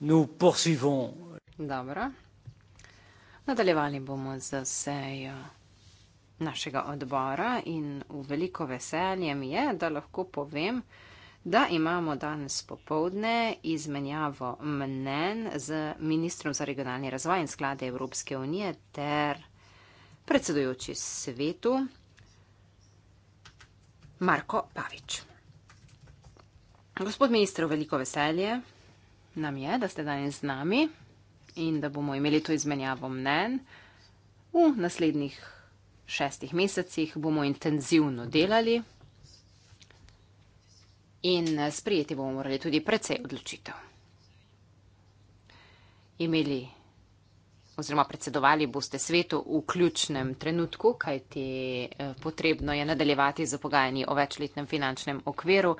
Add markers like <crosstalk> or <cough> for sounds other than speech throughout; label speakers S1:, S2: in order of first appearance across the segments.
S1: nous poursuivons.
S2: Dobro. Nadaljevali bomo z sejo našega odbora in v veliko veselje mi je, da lahko povem, da imamo danes popovdne izmenjavo mnen z ministrom za regionalni razvoj in sklade Evropske unije ter predsedujoči svetu Marko Pavič. Gospod ministr, veliko veselje nam je, da ste danes z nami in da bomo imeli to izmenjavo mnen. V naslednjih šestih mesecih bomo intenzivno delali in sprijeti bomo morali tudi precej odločitev. Imeli oziroma predsedovali boste svetu v ključnem trenutku, kajti eh, potrebno je nadaljevati za pogajanje o večletnem finančnem okviru.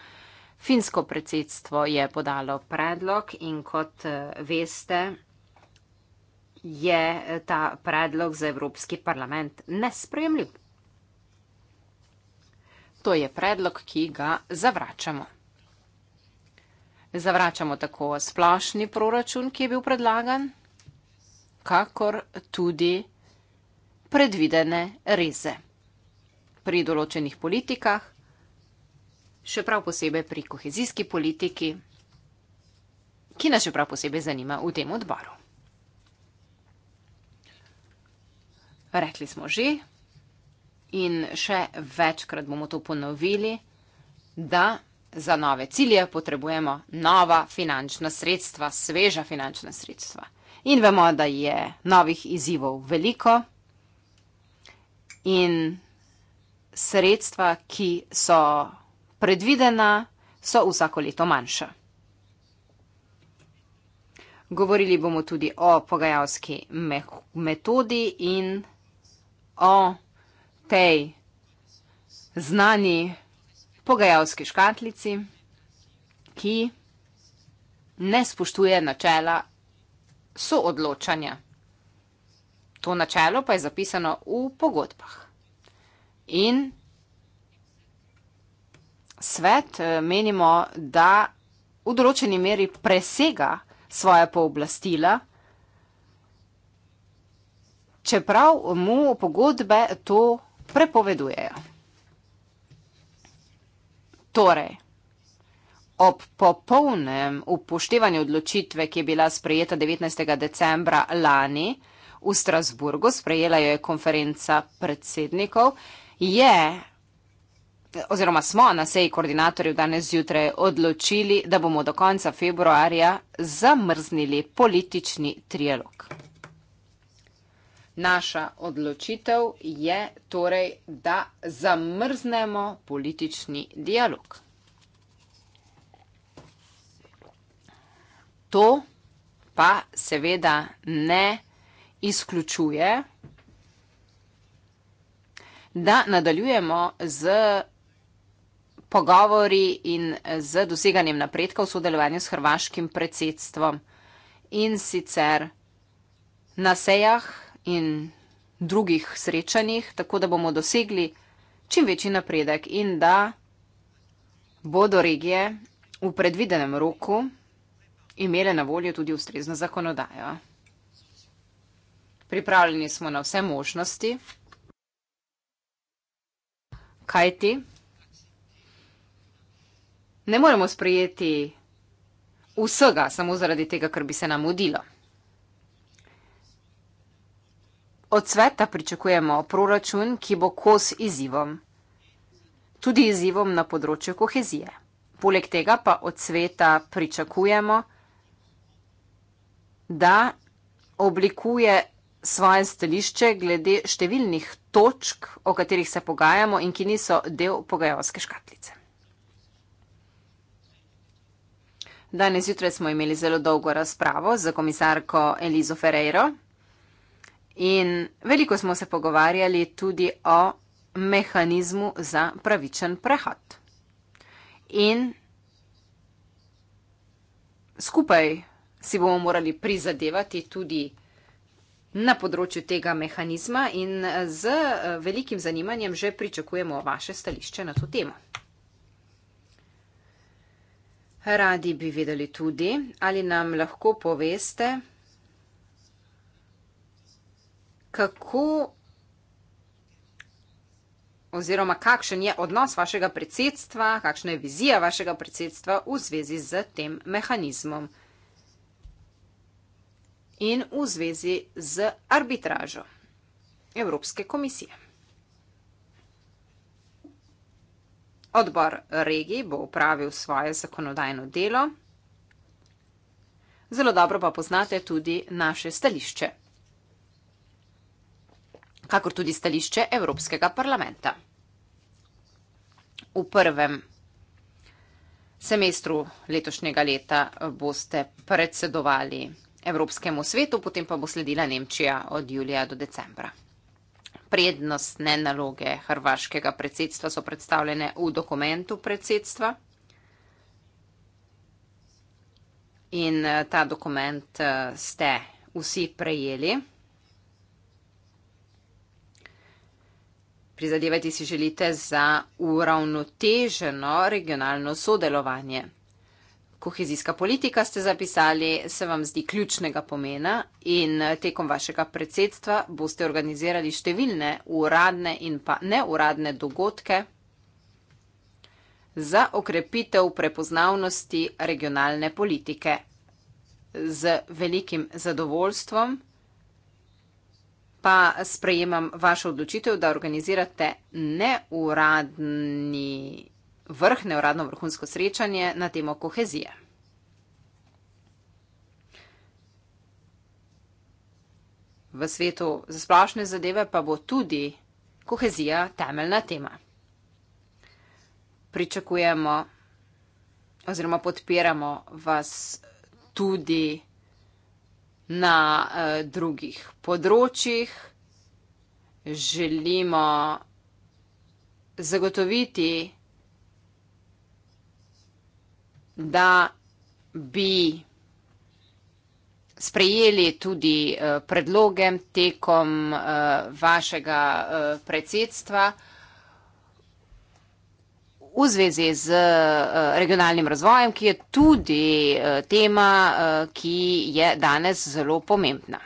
S2: Finsko predsedstvo je podalo predlog in kot eh, veste, je eh, ta predlog za Evropski parlament nespremljiv. To je predlog, ki ga zavračamo. Zavračamo tako splošni proračun, ki je bil predlagan, kakor tudi predvidene reze pri določenih politikah še prav posebej pri kohezijski politiki, ki nas še prav posebej zanima v tem odboru. Rekli smo že in še večkrat bomo to ponovili, da za nove cilje potrebujemo nova finančna sredstva, sveža finančna sredstva. In vemo, da je novih izzivov veliko in sredstva, ki so predvidena so vsako leto manjša. Govorili bomo tudi o pogajalski me metodi in o tej znani pogajalski škatlici, ki ne spoštuje načela soodločanja. To načelo pa je zapisano v pogodbah. In svet eh, menimo, da v določeni meri presega svoje pooblastila, čeprav mu pogodbe to prepovedujejo. Torej, ob popolnem upoštevanju odločitve, ki je bila sprejeta 19. decembra lani v Strasburgu, sprejela jo je konferenca predsednikov, je oziroma smo na seji koordinatorjev danes zjutraj odločili, da bomo do konca februarja zamrznili politični trialog. Naša odločitev je torej, da zamrznemo politični dialog. To pa seveda ne izključuje, da nadaljujemo z pogovori in eh, z doseganjem napredka v sodelovanju s hrvaškim predsedstvom in sicer na sejah in drugih srečanjih, tako da bomo dosegli čim večji napredek in da bodo regije v predvidenem roku imele na voljo tudi ustrezno zakonodajo. Pripravljeni smo na vse možnosti. Kaj ti? ne moremo sprejeti vsega samo zaradi tega, ker bi se nam udilo. Od sveta pričakujemo proračun, ki bo kos izzivom, tudi izzivom na področju kohezije. Poleg tega pa od sveta pričakujemo, da oblikuje svoje stališče glede številnih točk, o katerih se pogajamo in ki niso del pogajalske škatlice. Danes jutraj smo imeli zelo dolgo razpravo z komisarko Elizo Ferreiro in veliko smo se pogovarjali tudi o mehanizmu za pravičen prehod. In skupaj si bomo morali prizadevati tudi na področju tega mehanizma in z velikim zanimanjem že pričakujemo vaše stališče na to temo. Radi bi vedeli tudi, ali nam lahko poveste, kako oziroma kakšen je odnos vašega predsedstva, kakšna je vizija vašega predsedstva v zvezi z tem mehanizmom in v zvezi z arbitražo Evropske komisije. Odbor regij bo upravil svoje zakonodajno delo. Zelo dobro pa poznate tudi naše stališče, kakor tudi stališče Evropskega parlamenta. V prvem semestru letošnjega leta boste predsedovali Evropskemu svetu, potem pa bo sledila Nemčija od julija do decembra prednostne naloge hrvaškega predsedstva so predstavljene v dokumentu predsedstva. In eh, ta dokument eh, ste vsi prejeli. Prizadevati si želite za uravnoteženo regionalno sodelovanje. Kohezijska politika ste zapisali, se vam zdi ključnega pomena in eh, tekom vašega predsedstva boste organizirali številne uradne in pa neuradne dogodke za okrepitev prepoznavnosti regionalne politike. Z velikim zadovoljstvom pa sprejemam vašo odločitev, da organizirate neuradni dogodke vrh, neuradno vrhunsko srečanje na temo kohezije. V svetu za splošne zadeve pa bo tudi kohezija temeljna tema. Pričakujemo oziroma podpiramo vas tudi na eh, drugih področjih. Želimo zagotoviti da bi sprejeli tudi eh, predloge tekom eh, vašega eh, predsedstva v zvezi z regionalnim razvojem, ki je tudi tema, ki je danes zelo pomembna.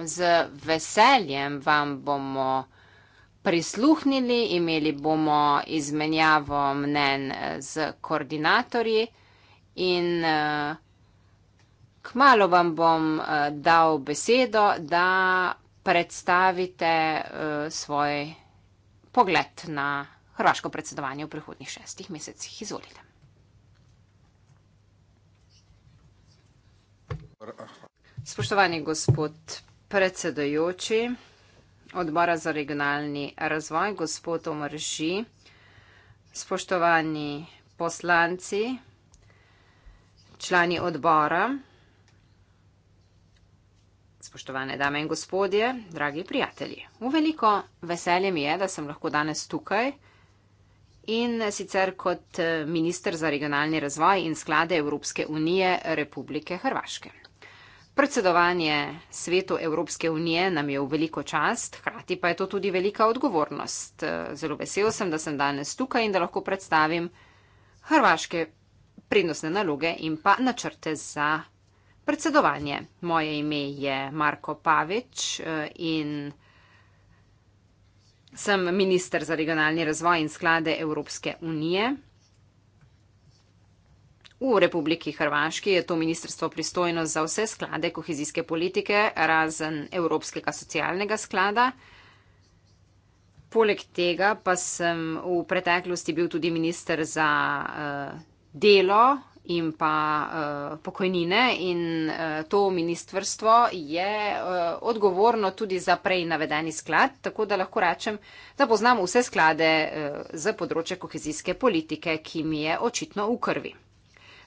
S2: Z veseljem vam bomo prisluhnili, imeli bomo izmenjavo mnen eh, z koordinatorji in eh, kmalo vam bom eh, dal besedo, da predstavite svoj pogled na hrvaško predsedovanje v prihodnjih šestih mesecih. Izvolite. Spoštovani gospod predsedojoči, odbora za regionalni razvoj, gospod Omrži, spoštovani poslanci, člani odbora, spoštovane dame in gospodje, dragi prijatelji. V veliko veselje mi je, da sem lahko danes tukaj in sicer kot eh, minister za regionalni razvoj in sklade Evropske unije Republike Hrvaške. Predsedovanje svetu Evropske unije nam je v veliko čast, hkrati pa je to tudi velika odgovornost. Zelo vesel sem, da sem danes tukaj in da lahko predstavim hrvaške prednostne naloge in pa načrte za predsedovanje. Moje ime je Marko Pavič eh, in sem minister za regionalni razvoj in sklade Evropske unije. V Republiki Hrvaški je to ministrstvo pristojno za vse sklade kohezijske politike, razen Evropskega socialnega sklada. Poleg tega pa sem v preteklosti bil tudi minister za uh, delo in pa uh, pokojnine in uh, to ministrstvo je uh, odgovorno tudi za prej navedeni sklad, tako da lahko rečem, da poznam vse sklade uh, za področje kohezijske politike, ki mi je očitno v krvi.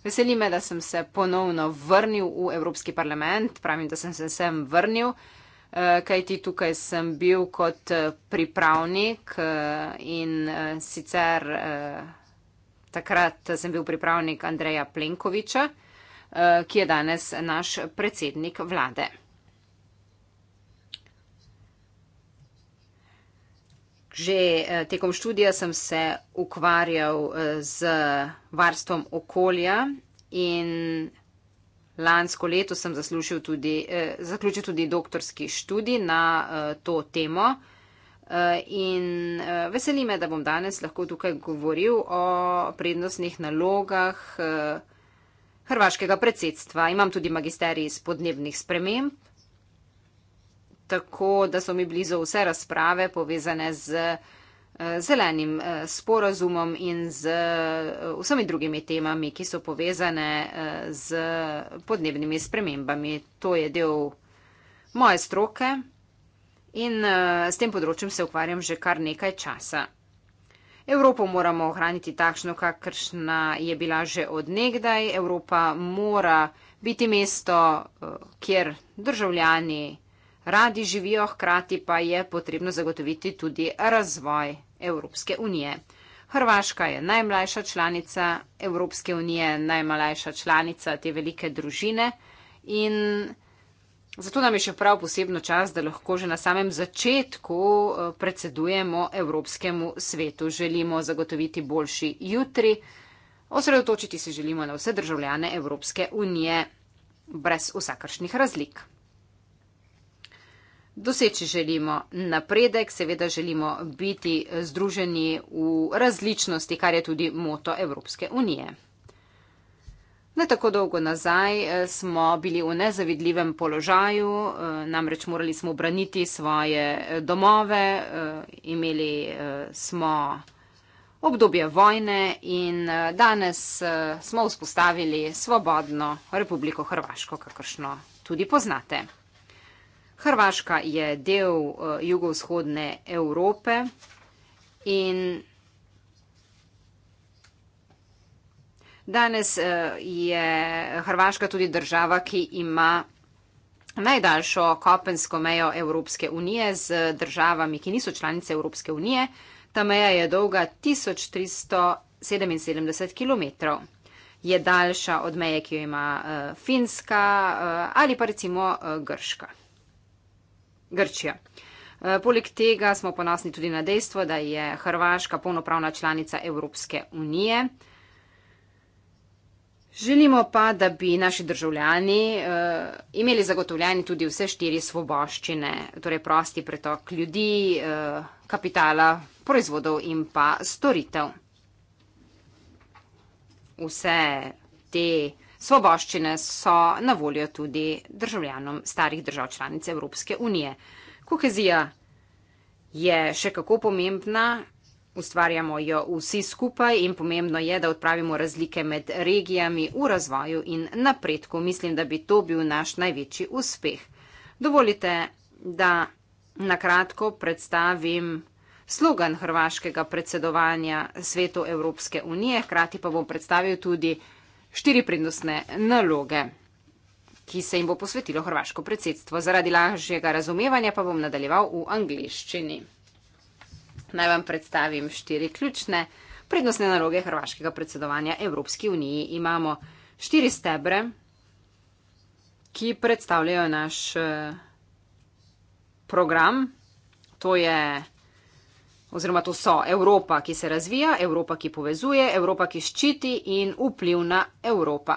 S2: Veseli me, da sem se ponovno vrnil v Evropski parlament, pravim, da sem se sem vrnil, eh, kajti tukaj sem bil kot eh, pripravnik eh, in sicer takrat sem bil pripravnik Andreja Plenkoviča, ki je danes naš predsednik vlade. Že eh, tekom študija sem se ukvarjal eh, z varstvom okolja in lansko leto sem tudi, eh, zaključil tudi doktorski študij na to temo. In veseli me, da bom danes lahko tukaj govoril o prednostnih nalogah hrvaškega predsedstva. Imam tudi magisterij iz podnebnih sprememb tako, da so mi blizu vse razprave povezane z eh, zelenim eh, sporazumom in z eh, vsemi drugimi temami, ki so povezane z podnebnimi spremembami. To je del moje stroke in s tem področjem se ukvarjam že kar nekaj časa. Evropo moramo ohraniti takšno, kakršna je bila že odnegdaj. Evropa mora biti mesto, kjer državljani radi živijo, hkrati pa je potrebno zagotoviti tudi razvoj Evropske unije. Hrvaška je najmlajša članica Evropske unije, najmlajša članica te velike družine in zato nam je še prav posebno čas, da lahko že na samem začetku eh, predsedujemo Evropskemu svetu. Želimo zagotoviti boljši jutri, osredotočiti se želimo na vse državljane Evropske unije brez vsakršnih razlik doseči želimo napredek, seveda želimo biti združeni v različnosti, kar je tudi moto Evropske unije. Ne tako dolgo nazaj eh, smo bili v nezavidljivem položaju, eh, namreč morali smo braniti svoje eh, domove, imeli smo obdobje vojne in danes smo vzpostavili svobodno Republiko Hrvaško, kakršno tudi poznate. Hrvaška je del eh, jugovzhodne Evrope in danes eh, je Hrvaška tudi država, ki ima najdaljšo kopensko mejo Evropske unije z državami, ki niso članice Evropske unije. Ta meja je dolga 1377 km. Je daljša od meje, ki jo ima eh, Finska ali pa recimo Grška. Grčija. E, poleg tega smo ponosni tudi na dejstvo, da je Hrvaška polnopravna članica Evropske unije. Želimo pa, da bi naši državljani uh, imeli zagotovljeni tudi vse štiri svoboščine, torej prosti pretok ljudi, uh, kapitala, proizvodov in pa storitev. Vse te uh, svoboščine so na voljo tudi državljanom starih držav članic Evropske unije. Kohezija je še kako pomembna, ustvarjamo jo vsi skupaj in pomembno je, da odpravimo razlike med regijami v razvoju in napredku. Mislim, da bi to bil naš največji uspeh. Dovolite, da nakratko predstavim slogan hrvaškega predsedovanja svetu Evropske unije, hkrati pa bom predstavil tudi štiri prednostne naloge, ki se jim bo posvetilo hrvaško predsedstvo. Zaradi lažjega razumevanja pa bom nadaljeval v angliščini. Naj vam predstavim štiri ključne prednostne naloge hrvaškega predsedovanja Evropski uniji. Imamo štiri stebre, ki predstavljajo naš eh, program. To je oziroma to so Evropa, ki se razvija, Evropa, ki povezuje, Evropa, ki ščiti in vpliv na Evropa.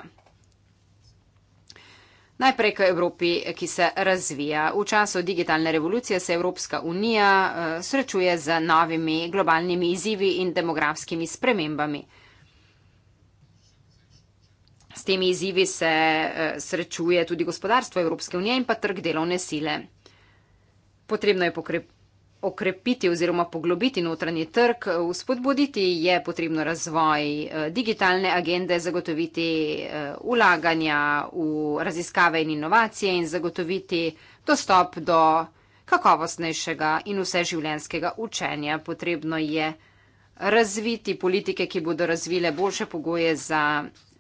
S2: Najprej k Evropi, ki se razvija. V času digitalne revolucije se Evropska unija eh, srečuje z novimi globalnimi izzivi in demografskimi spremembami. S temi izzivi se eh, srečuje tudi gospodarstvo Evropske unije in pa trg delovne sile. Potrebno je pokrepiti okrepiti oziroma poglobiti notranji trg, vzpodbuditi je potrebno razvoj eh, digitalne agende, zagotoviti eh, ulaganja v raziskave in inovacije in zagotoviti dostop do kakovostnejšega in vseživljenjskega učenja. Potrebno je razviti politike, ki bodo razvile boljše pogoje za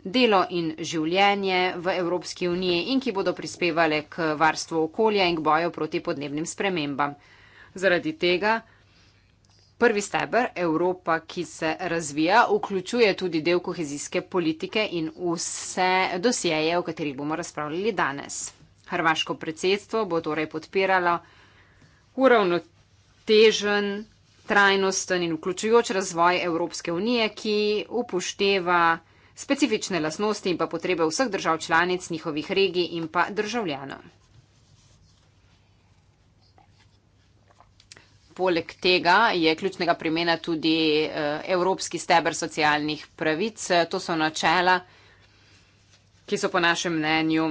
S2: delo in življenje v Evropski uniji in ki bodo prispevale k varstvu okolja in k boju proti podnebnim spremembam. Zaradi tega prvi steber Evropa, ki se razvija, vključuje tudi del kohezijske politike in vse dosjeje, o katerih bomo razpravljali danes. Hrvaško predsedstvo bo torej podpiralo uravnotežen, trajnosten in vključujoč razvoj Evropske unije, ki upošteva specifične lasnosti in pa potrebe vseh držav članic, njihovih regij in pa državljanov. poleg tega je ključnega premena tudi eh, evropski steber socialnih pravic. Eh, to so načela, ki so po našem mnenju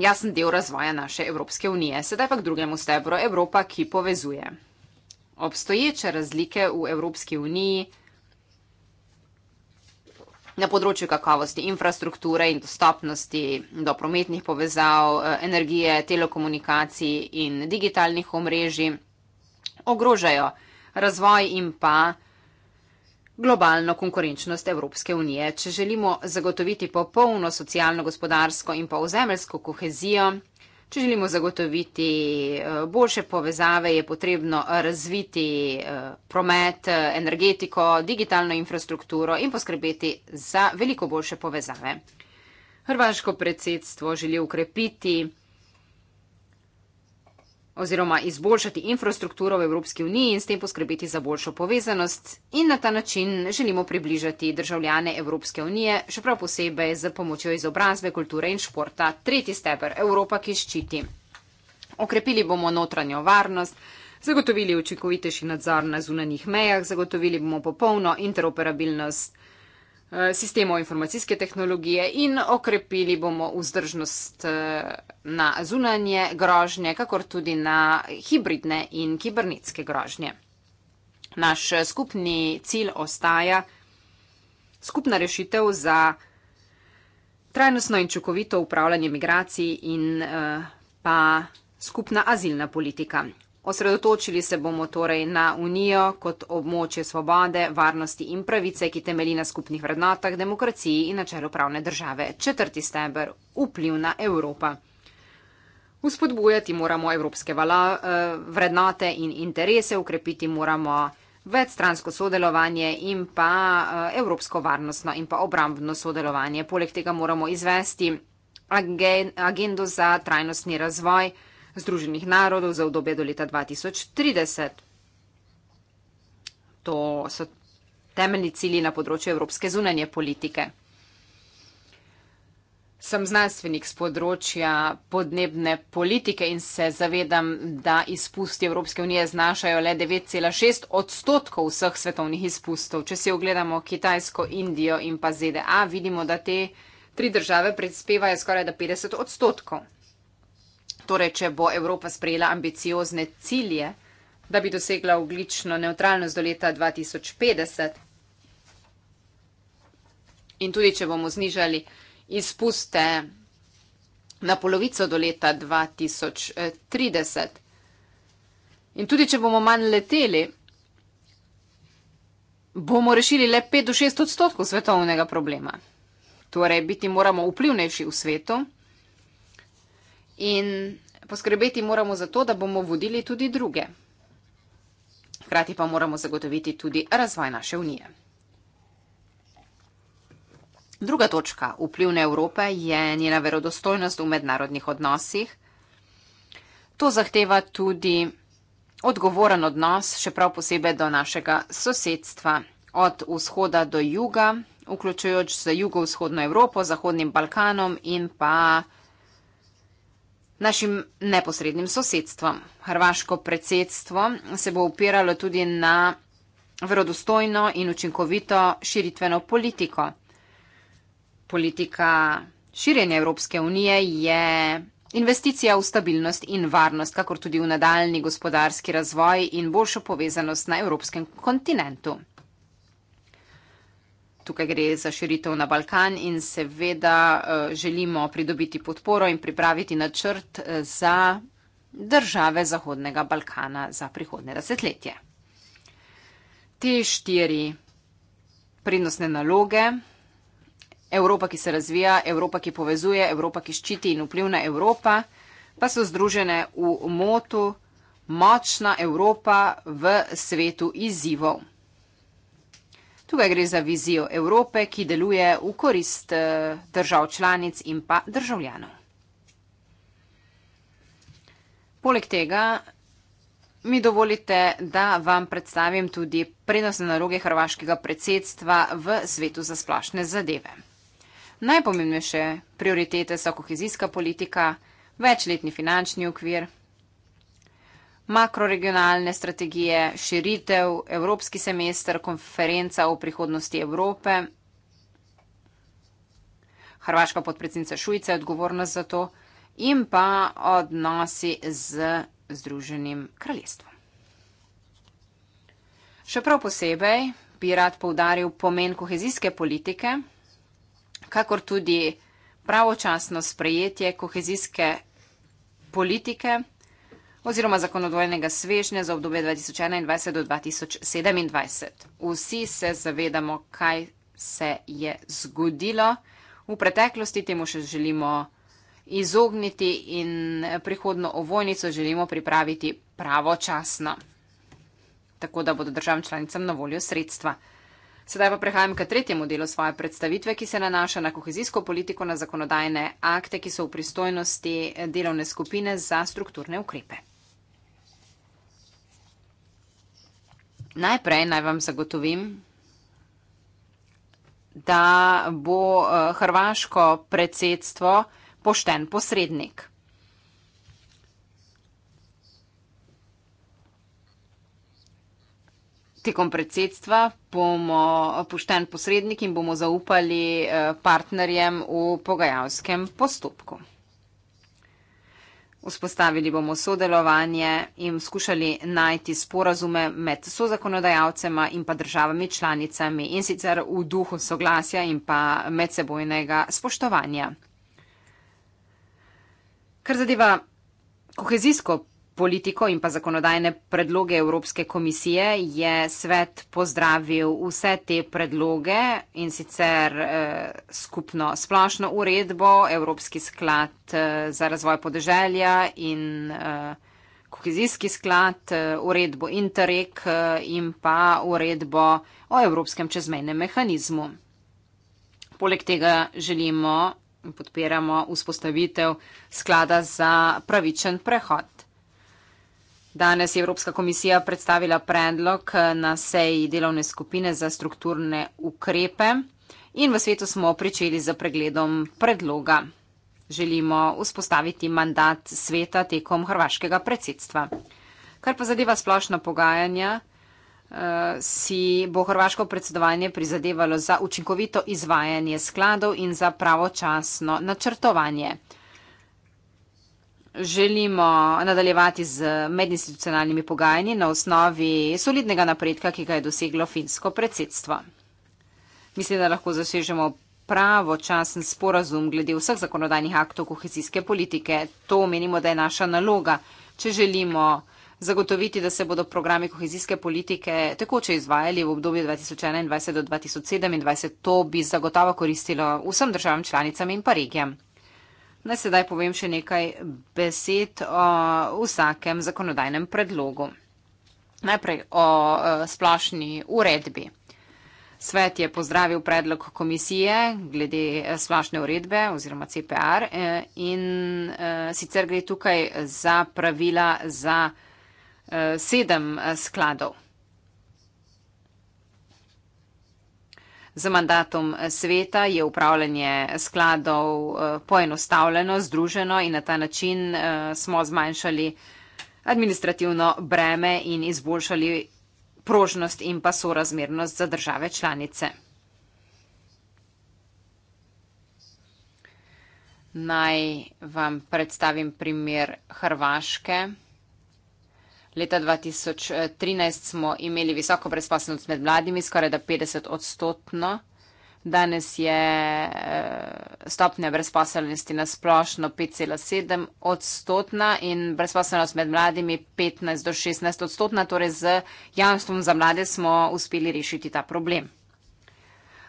S2: jasen del razvoja naše Evropske unije. Sedaj pa k drugemu stebru Evropa, ki povezuje. Obstoječe razlike v Evropski uniji na področju kakovosti infrastrukture in dostopnosti do prometnih povezav, eh, energije, telekomunikacij in digitalnih omrežij ogrožajo razvoj in pa globalno konkurenčnost Evropske unije. Če želimo zagotoviti popolno socialno, gospodarsko in pa ozemelsko kohezijo, če želimo zagotoviti eh, boljše povezave, je potrebno razviti eh, promet, eh, energetiko, digitalno infrastrukturo in poskrbeti za veliko boljše povezave. Hrvaško predsedstvo želi ukrepiti oziroma izboljšati infrastrukturo v Evropski uniji in s tem poskrbeti za boljšo povezanost in na ta način želimo približati državljane Evropske unije, še prav posebej z pomočjo izobrazbe, kulture in športa, tretji steber Evropa, ki ščiti. Okrepili bomo notranjo varnost, zagotovili učinkovitejši nadzor na zunanjih mejah, zagotovili bomo popolno interoperabilnost sistemov informacijske tehnologije in okrepili bomo vzdržnost eh, na zunanje grožnje, kakor tudi na hibridne in kibernetske grožnje. Naš eh, skupni cilj ostaja skupna rešitev za trajnostno in čukovito upravljanje migracij in eh, pa skupna azilna politika. Osredotočili se bomo torej na Unijo kot območje svobode, varnosti in pravice, ki temelji na skupnih vrednotah, demokraciji in načelu pravne države. Četrti steber - vpliv na Evropa. Uspodbujati moramo evropske vala, eh, vrednote in interese, ukrepiti moramo večstransko sodelovanje in pa eh, evropsko varnostno in pa obrambno sodelovanje. Poleg tega moramo izvesti agendo za trajnostni razvoj, Združenih narodov za obdobje do leta 2030. To so temeljni cilji na področju evropske zunanje politike. Sem znanstvenik z področja podnebne politike in se zavedam, da izpusti Evropske unije znašajo le 9,6 odstotkov vseh svetovnih izpustov. Če si ogledamo Kitajsko, Indijo in pa ZDA, vidimo, da te tri države prispevajo skoraj 50 odstotkov. Torej, če bo Evropa sprejela ambiciozne cilje, da bi dosegla oglično neutralnost do leta 2050, in tudi če bomo znižali izpuste na polovico do leta 2030, in tudi če bomo manj leteli, bomo rešili le 5 do 6 odstotkov svetovnega problema. Torej, biti moramo vplivnejši v svetu in poskrbeti moramo za to, da bomo vodili tudi druge. Hkrati pa moramo zagotoviti tudi razvoj naše unije. Druga točka vplivne Evrope je njena verodostojnost v mednarodnih odnosih. To zahteva tudi odgovoren odnos, še prav posebej do našega sosedstva, od vzhoda do juga, vključujoč za jugovzhodno Evropo, Zahodnim Balkanom in pa Našim neposrednim sosedstvom. Hrvaško predsedstvo se bo upiralo tudi na verodostojno in učinkovito širitveno politiko. Politika širjenja Evropske unije je investicija v stabilnost in varnost, kakor tudi v nadaljni gospodarski razvoj in boljšo povezanost na evropskem kontinentu. Tukaj gre za širitev na Balkan in seveda eh, želimo pridobiti podporo in pripraviti načrt eh, za države Zahodnega Balkana za prihodne desetletje. Te štiri prednostne naloge. Evropa, ki se razvija, Evropa, ki povezuje, Evropa, ki ščiti in vplivna Evropa, pa so združene v motu močna Evropa v svetu izzivov. Tukaj gre za vizijo Evrope, ki deluje v korist eh, držav članic in pa državljanov. Poleg tega mi dovolite, da vam predstavim tudi prednostne naloge Hrvaškega predsedstva v svetu za splašne zadeve. Najpomembnejše prioritete so kohezijska politika, večletni finančni okvir, makroregionalne strategije, širitev, evropski semester, konferenca o prihodnosti Evrope. Hrvaška podpredsednica Šujica je odgovorna za to in pa odnosi z Združenim kraljestvom. Še prav posebej bi rad povdaril pomen kohezijske politike, kakor tudi pravočasno sprejetje kohezijske politike politike oziroma zakonodajnega svežnja za obdobje 2021 do 2027. Vsi se zavedamo, kaj se je zgodilo v preteklosti, temu še želimo izogniti in prihodno ovojnico želimo pripraviti pravočasno, tako da bodo državam članicam na voljo sredstva. Sedaj pa prehajam k tretjemu delu svoje predstavitve, ki se nanaša na kohezijsko politiko, na zakonodajne akte, ki so v pristojnosti delovne skupine za strukturne ukrepe. Najprej naj vam zagotovim, da bo eh, hrvaško predsedstvo pošten posrednik. Tekom predsedstva bomo eh, pošten posrednik in bomo zaupali eh, partnerjem v pogajalskem postopku. Vzpostavili bomo sodelovanje in skušali najti sporazume med sozakonodajalcema in pa državami članicami in sicer v duhu soglasja in pa medsebojnega spoštovanja. Kar zadeva kohezijsko politiko in pa zakonodajne predloge Evropske komisije je svet pozdravil vse te predloge in sicer eh, skupno splošno uredbo, Evropski sklad eh, za razvoj podeželja in eh, kohezijski sklad, eh, uredbo Interreg eh, in pa uredbo o Evropskem čezmejnem mehanizmu. Poleg tega želimo in podpiramo vzpostavitev sklada za pravičen prehod. Danes je Evropska komisija predstavila predlog eh, na seji delovne skupine za strukturne ukrepe in v svetu smo pričeli z pregledom predloga. Želimo vzpostaviti mandat sveta tekom hrvaškega predsedstva. Kar pa zadeva splošna pogajanja, eh, si bo hrvaško predsedovanje prizadevalo za učinkovito izvajanje skladov in za pravočasno načrtovanje želimo nadaljevati z medinstitucionalnimi pogajanji na osnovi solidnega napredka, ki ga je doseglo finsko predsedstvo. Mislim, da lahko zasežemo pravočasen sporazum glede vseh zakonodajnih aktov kohezijske politike. To menimo, da je naša naloga, če želimo zagotoviti, da se bodo programi kohezijske politike tekoče izvajali v obdobju 2021 do 2027. To bi zagotovo koristilo vsem državam članicam in pa regijam. Naj sedaj povem še nekaj besed o vsakem zakonodajnem predlogu. Najprej o e, splošni uredbi. Svet je pozdravil predlog komisije glede e, splošne uredbe oziroma CPR e, in sicer gre tukaj za pravila za sedem skladov. Z mandatom eh, sveta je upravljanje skladov eh, poenostavljeno, združeno in na ta način eh, smo zmanjšali administrativno breme in izboljšali prožnost in pa sorazmernost za države članice. Naj vam predstavim primer Hrvaške. Leta 2013 eh, smo imeli visoko brezposelnost med mladimi, skoraj da 50 odstotno. Danes je eh, stopnja brezposelnosti na splošno 5,7 odstotna in brezposelnost med mladimi 15 do 16 odstotna. Torej z jamstvom za mlade smo uspeli rešiti ta problem.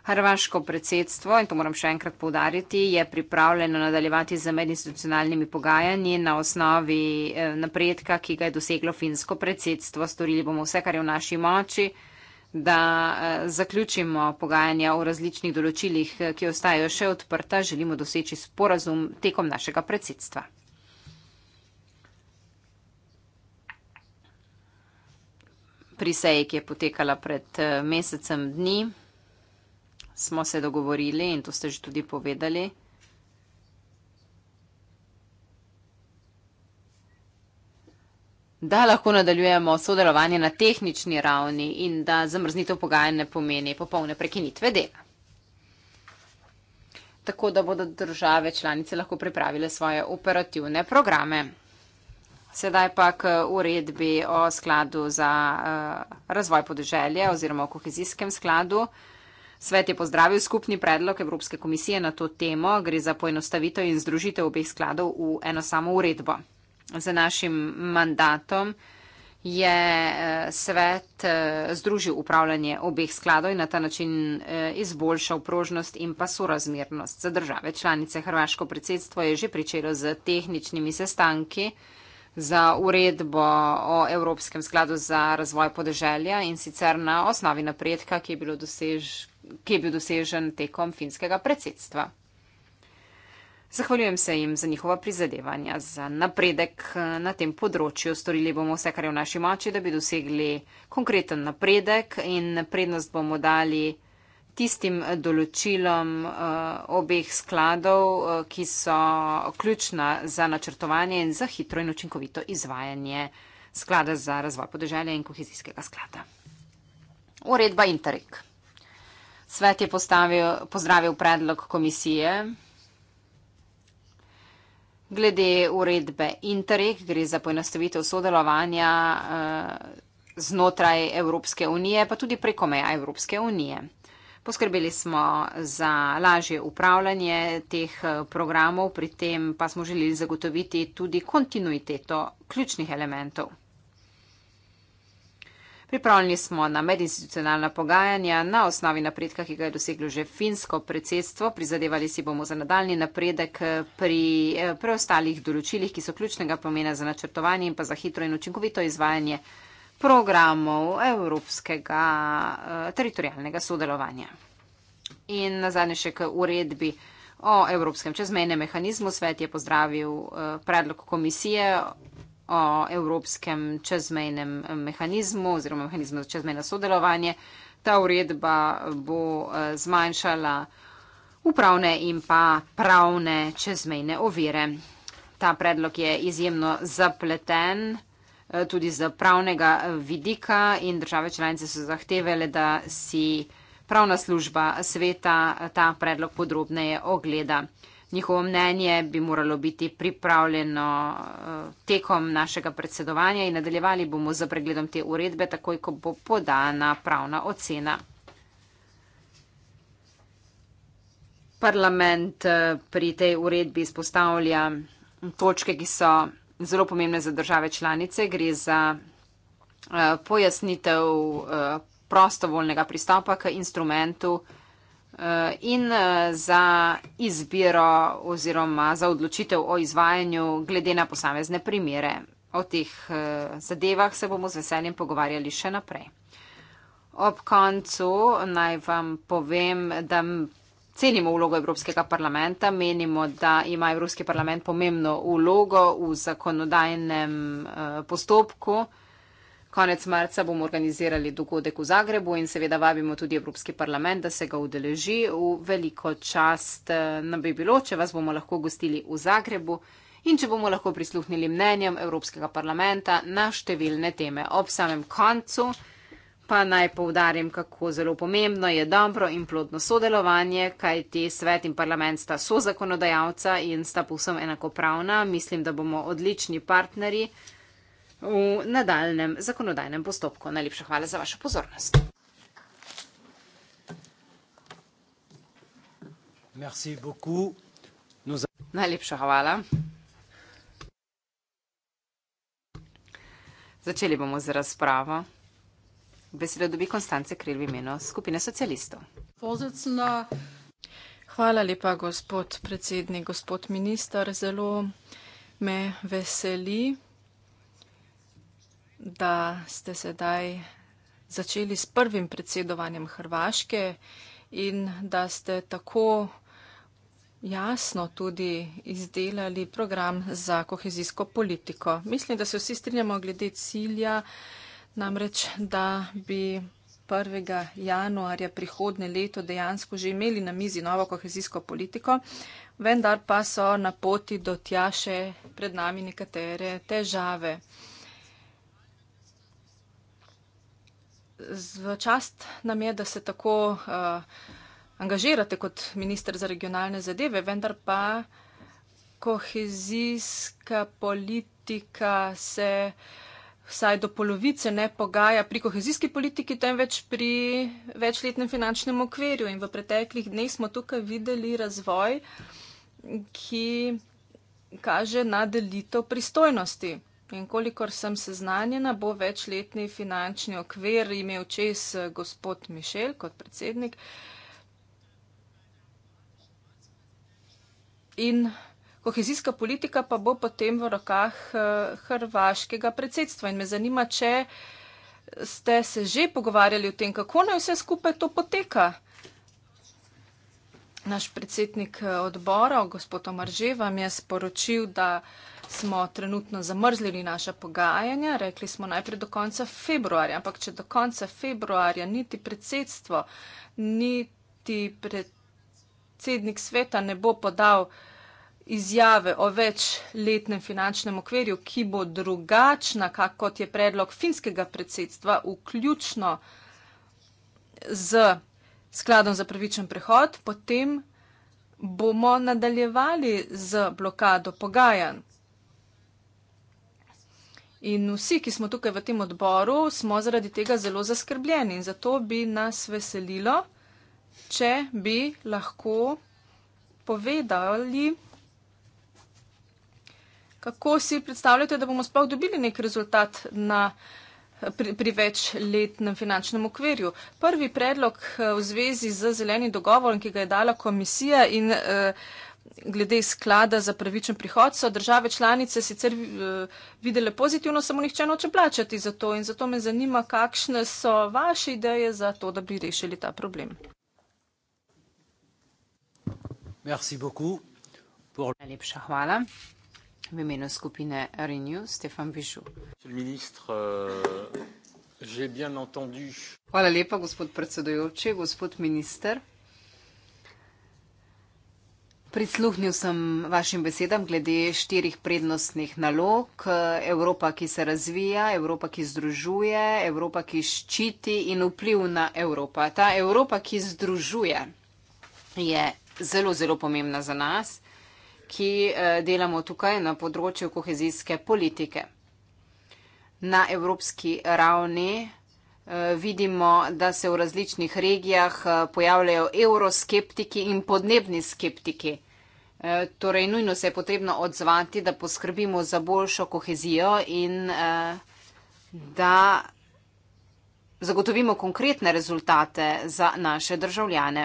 S2: Hrvaško predsedstvo, in to moram še enkrat povdariti, je pripravljeno nadaljevati z medinstitucionalnimi pogajanji na osnovi eh, napredka, ki ga je doseglo finsko predsedstvo. Storili bomo vse, kar je v naši moči, da eh, zaključimo pogajanja o različnih določilih, eh, ki ostajajo še odprta. Želimo doseči sporazum tekom našega predsedstva. Pri seji, ki je potekala pred mesecem dni, smo se dogovorili in to ste že tudi povedali. Da lahko nadaljujemo sodelovanje na tehnični ravni in da zamrznitev pogajanj ne pomeni popolne prekinitve dela. Tako da bodo države članice lahko pripravile svoje operativne programe. Sedaj pa k uredbi o skladu za eh, razvoj podeželje oziroma o kohezijskem skladu. Svet je pozdravil skupni predlog Evropske komisije na to temo, gre za poenostavitev in združitev obeh skladov v eno samo uredbo. Za našim mandatom je eh, svet eh, združil upravljanje obeh skladov in na ta način eh, izboljšal prožnost in pa sorazmernost za države članice. Hrvaško predsedstvo je že pričelo z tehničnimi sestanki za uredbo o Evropskem skladu za razvoj podeželja in sicer na osnovi napredka, ki je, dosež, ki je bil dosežen tekom finskega predsedstva. Zahvaljujem se jim za njihova prizadevanja, za napredek eh, na tem področju. Storili bomo vse, kar je v naši moči, da bi dosegli konkreten napredek in prednost bomo dali tistim določilom eh, obeh skladov, eh, ki so ključna za načrtovanje in za hitro in učinkovito izvajanje sklada za razvoj podeželja in kohezijskega sklada. Uredba Interreg. Svet je postavil, pozdravil predlog komisije. Glede uredbe Interreg gre za poenostavitev sodelovanja eh, znotraj Evropske unije, pa tudi preko meja Evropske unije. Poskrbeli smo za lažje upravljanje teh eh, programov, pri tem pa smo želeli zagotoviti tudi kontinuiteto ključnih elementov. Pripravljeni smo na medinstitucionalna pogajanja na osnovi napredka, ki ga je doseglo že finsko predsedstvo. Prizadevali si bomo za nadaljni napredek eh, pri eh, preostalih določilih, ki so ključnega pomena za načrtovanje in pa za hitro in učinkovito izvajanje programov evropskega eh, teritorijalnega sodelovanja. In na zadnje še k uredbi o evropskem čezmejnem mehanizmu. Svet je pozdravil eh, predlog komisije o evropskem čezmejnem eh, mehanizmu oziroma mehanizmu za čezmejno sodelovanje. Ta uredba bo zmanjšala upravne in pa pravne čezmejne ovire. Ta predlog je izjemno zapleten. Eh, tudi z pravnega vidika in države članice so zahtevali, da si pravna služba sveta ta predlog podrobneje ogleda. Njihovo mnenje bi moralo biti pripravljeno eh, tekom našega predsedovanja in nadaljevali bomo z pregledom te uredbe, takoj ko bo podana pravna ocena. Parlament eh, pri tej uredbi izpostavlja točke, ki so zelo pomembne za države članice. Gre za eh, pojasnitev eh, prostovoljnega pristopa k instrumentu eh, in za izbiro oziroma za odločitev o izvajanju glede na posamezne primere. O teh zadevah se bomo z veseljem pogovarjali še naprej. Ob koncu naj vam povem, da cenimo vlogo Evropskega parlamenta, menimo, da ima Evropski parlament pomembno vlogo v zakonodajnem eh, postopku. Konec marca bomo organizirali dogodek v Zagrebu in seveda vabimo tudi Evropski parlament, da se ga udeleži. V veliko čast eh, nam bi bilo, če vas bomo lahko gostili v Zagrebu in če bomo lahko prisluhnili mnenjem Evropskega parlamenta na številne teme. Ob samem koncu. Pa naj povdarim, kako zelo pomembno je dobro in plodno sodelovanje, kaj ti svet in parlament sta so zakonodajalca in sta povsem enakopravna. Mislim, da bomo odlični partneri v nadaljem zakonodajnem postopku. Najlepša hvala za vašo pozornost.
S1: Najlepša hvala.
S2: Začeli bomo z razpravo. Besedo dobi Konstance Kril v imenu skupine socialistov.
S3: Hvala lepa, gospod predsednik, gospod minister. Zelo me veseli, da ste sedaj začeli s prvim predsedovanjem Hrvaške in da ste tako jasno tudi izdelali program za kohezijsko politiko. Mislim, da se vsi strinjamo glede cilja Namreč, da bi 1. januarja prihodne leto dejansko že imeli na mizi novo kohezijsko politiko, vendar pa so na poti do tja še pred nami nekatere težave. V čast nam je, da se tako uh, angažirate kot minister za regionalne zadeve, vendar pa kohezijska politika se uh, vsaj do polovice ne pogaja pri kohezijski politiki, temveč pri večletnem finančnem okvirju. In v preteklih dneh smo tukaj videli razvoj, ki kaže na delitev pristojnosti. In kolikor sem seznanjena, bo večletni finančni okvir imel čez gospod Mišel kot predsednik. In kohezijska politika pa bo potem v rokah eh, hrvaškega predsedstva. In me zanima, če ste se že pogovarjali o tem, kako naj vse skupaj to poteka. Naš predsednik eh, odbora, gospod Omarže, vam je sporočil, da smo trenutno zamrzljali naša pogajanja. Rekli smo najprej do konca februarja, ampak če do konca februarja niti predsedstvo, niti predsednik sveta ne bo podal izjave o večletnem finančnem okvirju, ki bo drugačna, kot je predlog finskega predsedstva, vključno z skladom za pravičen prehod, potem bomo nadaljevali z blokado pogajanj. In vsi, ki smo tukaj v tem odboru, smo zaradi tega zelo zaskrbljeni in zato bi nas veselilo, če bi lahko povedali kako si predstavljate, da bomo sploh dobili nek rezultat na, pri, pri večletnem finančnem okvirju. Prvi predlog eh, v zvezi z zelenim dogovorom, ki ga je dala komisija in eh, glede sklada za pravičen prihod, so države članice sicer eh, videle pozitivno, samo nihče noče plačati za to in zato me zanima, kakšne so vaše ideje za to, da bi rešili ta problem.
S1: Najlepša hvala.
S2: V imenu skupine Renew, Stefan Višu.
S1: Euh,
S2: Hvala lepa, gospod predsedujoči, gospod minister. Prisluhnil sem vašim besedam glede štirih prednostnih nalog. Evropa, ki se razvija, Evropa, ki združuje, Evropa, ki ščiti in vpliv na Evropa. Ta Evropa, ki združuje, je zelo, zelo pomembna za nas ki eh, delamo tukaj na področju kohezijske politike. Na evropski ravni eh, vidimo, da se v različnih regijah eh, pojavljajo euroskeptiki in podnebni skeptiki. Torej, nujno se je potrebno odzvati, da poskrbimo za boljšo kohezijo in da zagotovimo konkretne rezultate za naše državljane.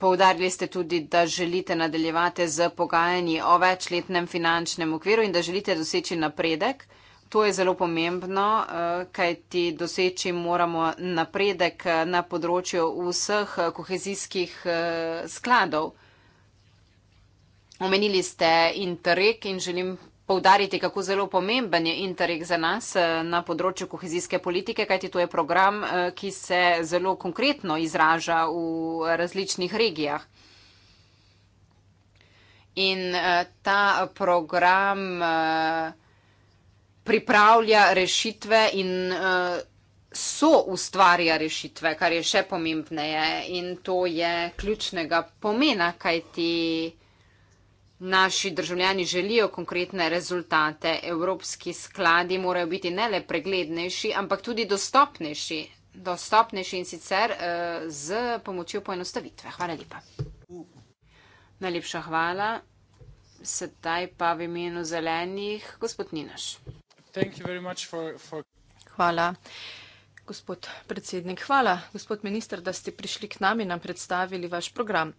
S2: Poudarili ste tudi, da želite nadaljevati z pogajanji o večletnem finančnem okviru in da želite doseči napredek. To je zelo pomembno, eh, kajti doseči moramo napredek eh, na področju vseh eh, kohezijskih skladov. Omenili ste Interreg in želim poudariti, kako zelo pomemben je Interreg za nas eh, na področju kohezijske politike, kajti to je program, eh, ki se zelo konkretno izraža v različnih regijah. In eh, ta program pripravlja rešitve in so ustvarja rešitve, kar je še pomembneje in to je ključnega pomena, kajti Naši državljani želijo konkretne rezultate. Evropski skladi morajo biti ne le preglednejši, ampak tudi dostopnejši. Dostopnejši in sicer eh, z pomočjo poenostavitve. Hvala lepa. Najlepša hvala.
S3: Sedaj pa v imenu zelenih gospod Ninaš. Hvala. Gospod predsednik, hvala, gospod minister, da ste prišli k nami in nam predstavili vaš program.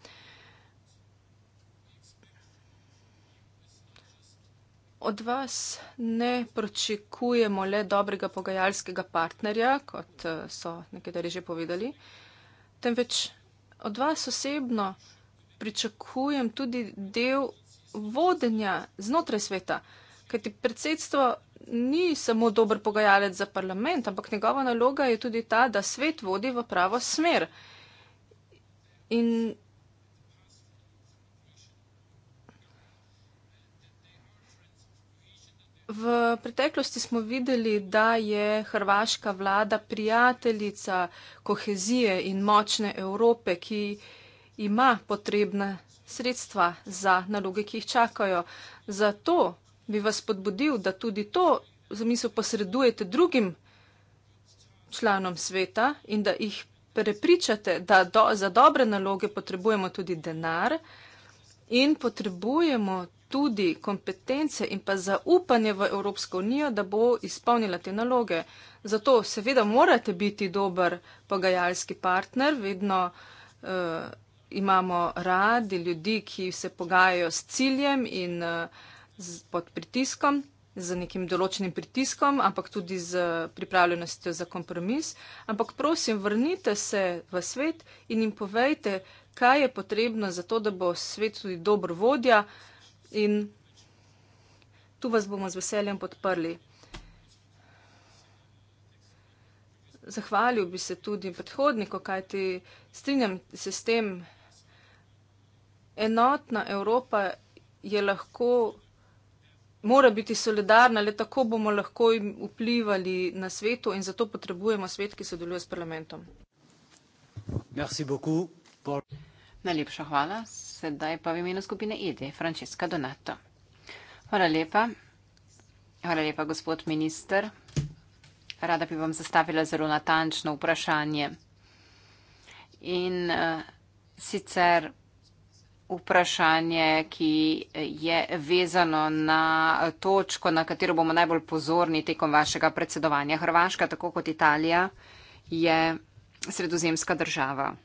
S3: od vas ne pričakujemo le dobrega pogajalskega partnerja, kot eh, so nekateri že povedali, temveč od vas osebno pričakujem tudi del vodenja znotraj sveta, kajti predsedstvo ni samo dober pogajalec za parlament, ampak njegova naloga je tudi ta, da svet vodi v pravo smer. In V preteklosti smo videli, da je hrvaška vlada prijateljica kohezije in močne Evrope, ki ima potrebne sredstva za naloge, ki jih čakajo. Zato bi vas podbudil, da tudi to zamisel posredujete drugim članom sveta in da jih prepričate, da do, za dobre naloge potrebujemo tudi denar in potrebujemo tudi kompetence in pa zaupanje v Evropsko unijo, da bo izpolnila te naloge. Zato seveda morate biti dober pogajalski partner, vedno uh, imamo radi ljudi, ki se pogajajo s ciljem in uh, z, pod pritiskom, z nekim določenim pritiskom, ampak tudi z pripravljenostjo za kompromis. Ampak prosim, vrnite se v svet in jim povejte, kaj je potrebno za to, da bo svet tudi dober vodja, uh, in tu vas bomo z veseljem podprli. Zahvalil bi se tudi predhodniku, kajti strinjam se s tem, enotna Evropa je lahko, mora biti solidarna, le tako bomo lahko vplivali na svetu in zato potrebujemo svet, ki sodeluje s parlamentom.
S1: Merci beaucoup.
S3: Najlepša hvala. Sedaj pa v imenu skupine ED, Francesca
S2: Donato. Hvala lepa. Hvala lepa, gospod minister. Rada bi vam zastavila zelo natančno vprašanje. In uh, sicer vprašanje, ki je vezano na točko, na katero bomo najbolj pozorni tekom vašega predsedovanja. Hrvaška, tako kot Italija, je sredozemska država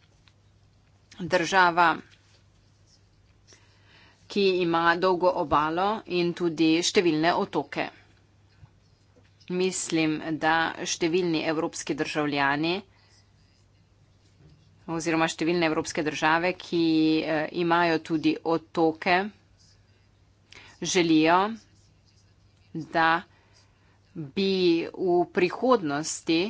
S2: država, ki ima dolgo obalo in tudi številne otoke. Mislim, da številni evropski državljani oziroma številne evropske države, ki eh, imajo tudi otoke, želijo, da bi v prihodnosti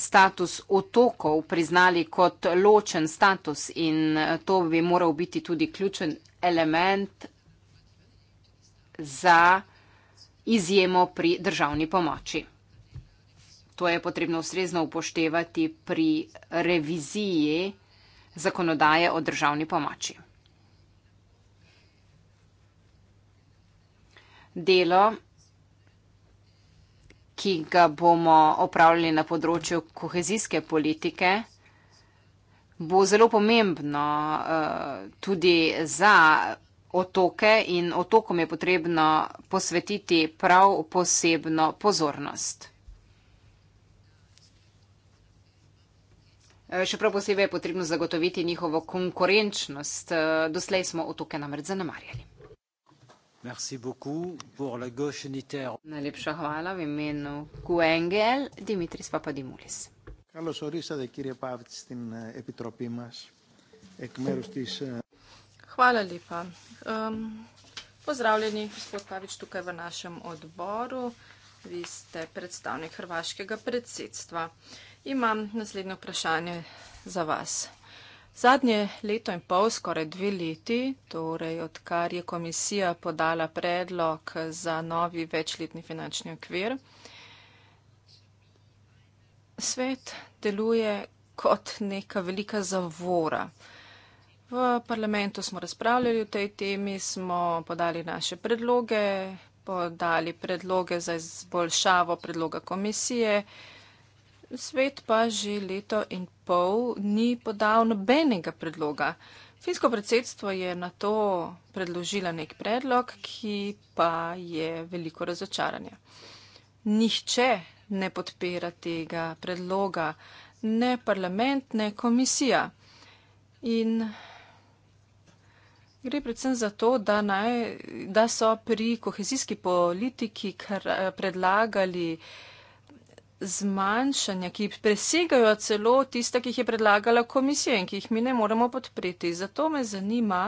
S2: status otokov priznali kot ločen status in eh, to bi moral biti tudi ključen element za izjemo pri državni pomoči. To je potrebno ustrezno upoštevati pri reviziji zakonodaje o državni pomoči. Delo ki ga bomo opravljali na področju kohezijske politike, bo zelo pomembno uh, tudi za otoke in otokom je potrebno posvetiti prav posebno pozornost. Eh, še prav posebej je potrebno zagotoviti njihovo konkurenčnost. Eh, doslej smo otoke namreč zanemarjali. Najlepša hvala v imenu Guengel, Dimitris Papadimulis.
S3: Hvala lepa. Um, pozdravljeni, gospod Pavič, tukaj v našem odboru. Vi ste predstavnik hrvaškega predsedstva. Imam naslednje vprašanje za vas. Zadnje leto in pol, skoraj dve leti, torej odkar je komisija podala predlog za novi večletni finančni okvir, svet deluje kot neka velika zavora. V parlamentu smo razpravljali o tej temi, smo podali naše predloge, podali predloge za izboljšavo predloga komisije. Svet pa že leto in pol ni podal nobenega predloga. Finsko predsedstvo je na to predložila nek predlog, ki pa je veliko razočaranja. Nihče ne podpira tega predloga, ne parlament, ne komisija. In gre predvsem za to, da, naj, da so pri kohezijski politiki kar, predlagali uh, zmanjšanja, ki presegajo celo tiste, ki jih je predlagala komisija in ki jih mi ne moremo podpreti. Zato me zanima,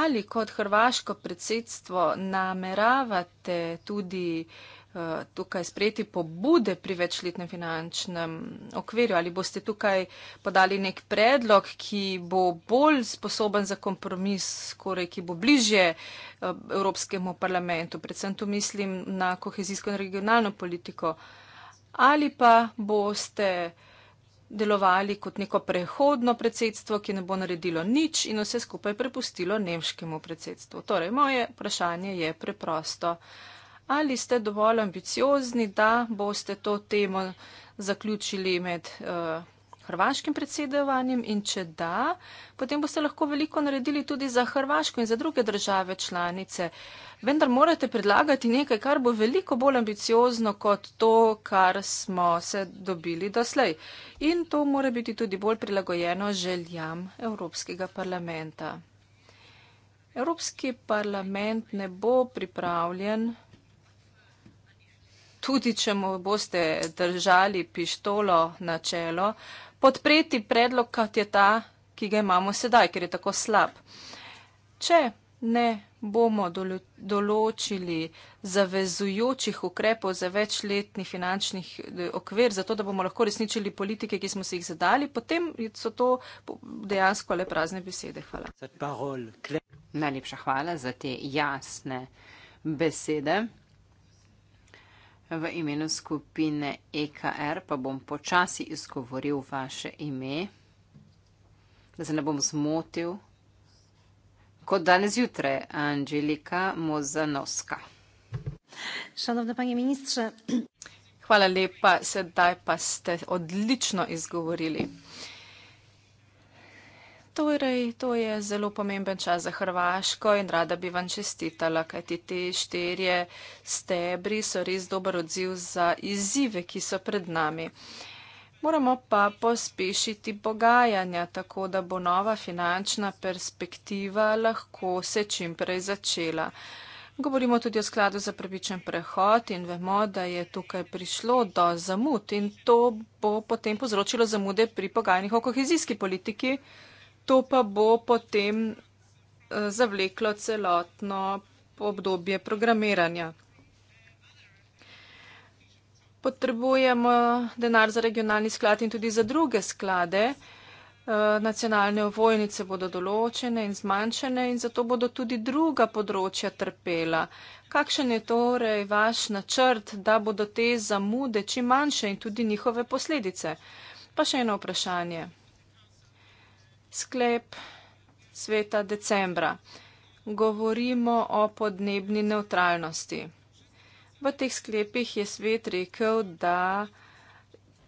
S3: ali kot hrvaško predsedstvo nameravate tudi eh, tukaj sprejeti pobude pri večletnem finančnem okvirju ali boste tukaj podali nek predlog, ki bo bolj sposoben za kompromis, skoraj ki bo bliže eh, Evropskemu parlamentu. Predvsem tu mislim na kohezijsko in regionalno politiko ali pa boste delovali kot neko prehodno predsedstvo, ki ne bo naredilo nič in vse skupaj prepustilo nemškemu predsedstvu. Torej, moje vprašanje je preprosto. Ali ste dovolj ambiciozni, da boste to temo zaključili med uh, hrvaškim predsedovanjem in če da, potem boste lahko veliko naredili tudi za Hrvaško in za druge države članice. Vendar morate predlagati nekaj, kar bo veliko bolj ambiciozno kot to, kar smo se dobili doslej. In to mora biti tudi bolj prilagojeno željam Evropskega parlamenta. Evropski parlament ne bo pripravljen, tudi če mu boste držali pištolo na čelo, podpreti predlog, kot je ta, ki ga imamo sedaj, ker je tako slab. Če ne bomo določili zavezujočih ukrepov za večletni finančni okvir, zato da bomo lahko resničili politike, ki smo si jih zadali, potem so to dejansko le prazne besede. Hvala.
S2: Najlepša hvala za te jasne besede. V imenu skupine EKR pa bom počasi izgovoril vaše ime, da se ne bom zmotil. Kot danes jutre, Angelika Mozanovska.
S4: Šanovna panje
S3: ministre. Hvala lepa, sedaj pa ste odlično izgovorili. Torej, to je zelo pomemben čas za Hrvaško in rada bi vam čestitala, kajti te štirje stebri so res dober odziv za izzive, ki so pred nami. Moramo pa pospešiti pogajanja, tako da bo nova finančna perspektiva lahko se čim prej začela. Govorimo tudi o skladu za pravičen prehod in vemo, da je tukaj prišlo do zamud in to bo potem povzročilo zamude pri pogajanjih o kohezijski politiki to pa bo potem eh, zavleklo celotno obdobje programiranja. Potrebujemo denar za regionalni sklad in tudi za druge sklade. Eh, nacionalne ovojnice bodo določene in zmanjšene in zato bodo tudi druga področja trpela. Kakšen je torej vaš načrt, da bodo te zamude čim manjše in tudi njihove posledice? Pa še eno vprašanje sklep sveta decembra. Govorimo o podnebni neutralnosti. V teh sklepih je svet rekel, da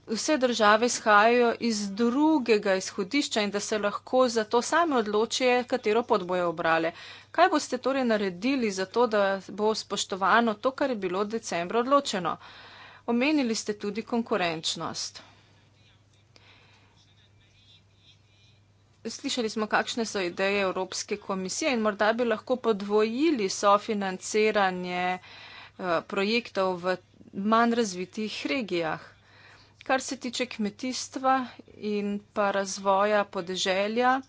S3: vse države izhajajo iz drugega izhodišča in da se lahko zato same odločijo, katero pot bojo obrale. Kaj boste torej naredili za to, da bo spoštovano to, kar je bilo decembra odločeno? Omenili ste tudi konkurenčnost. slišali smo, kakšne so ideje Evropske komisije in morda bi lahko podvojili sofinanciranje eh, projektov v manj razvitih regijah. Kar se tiče kmetijstva in pa razvoja podeželja,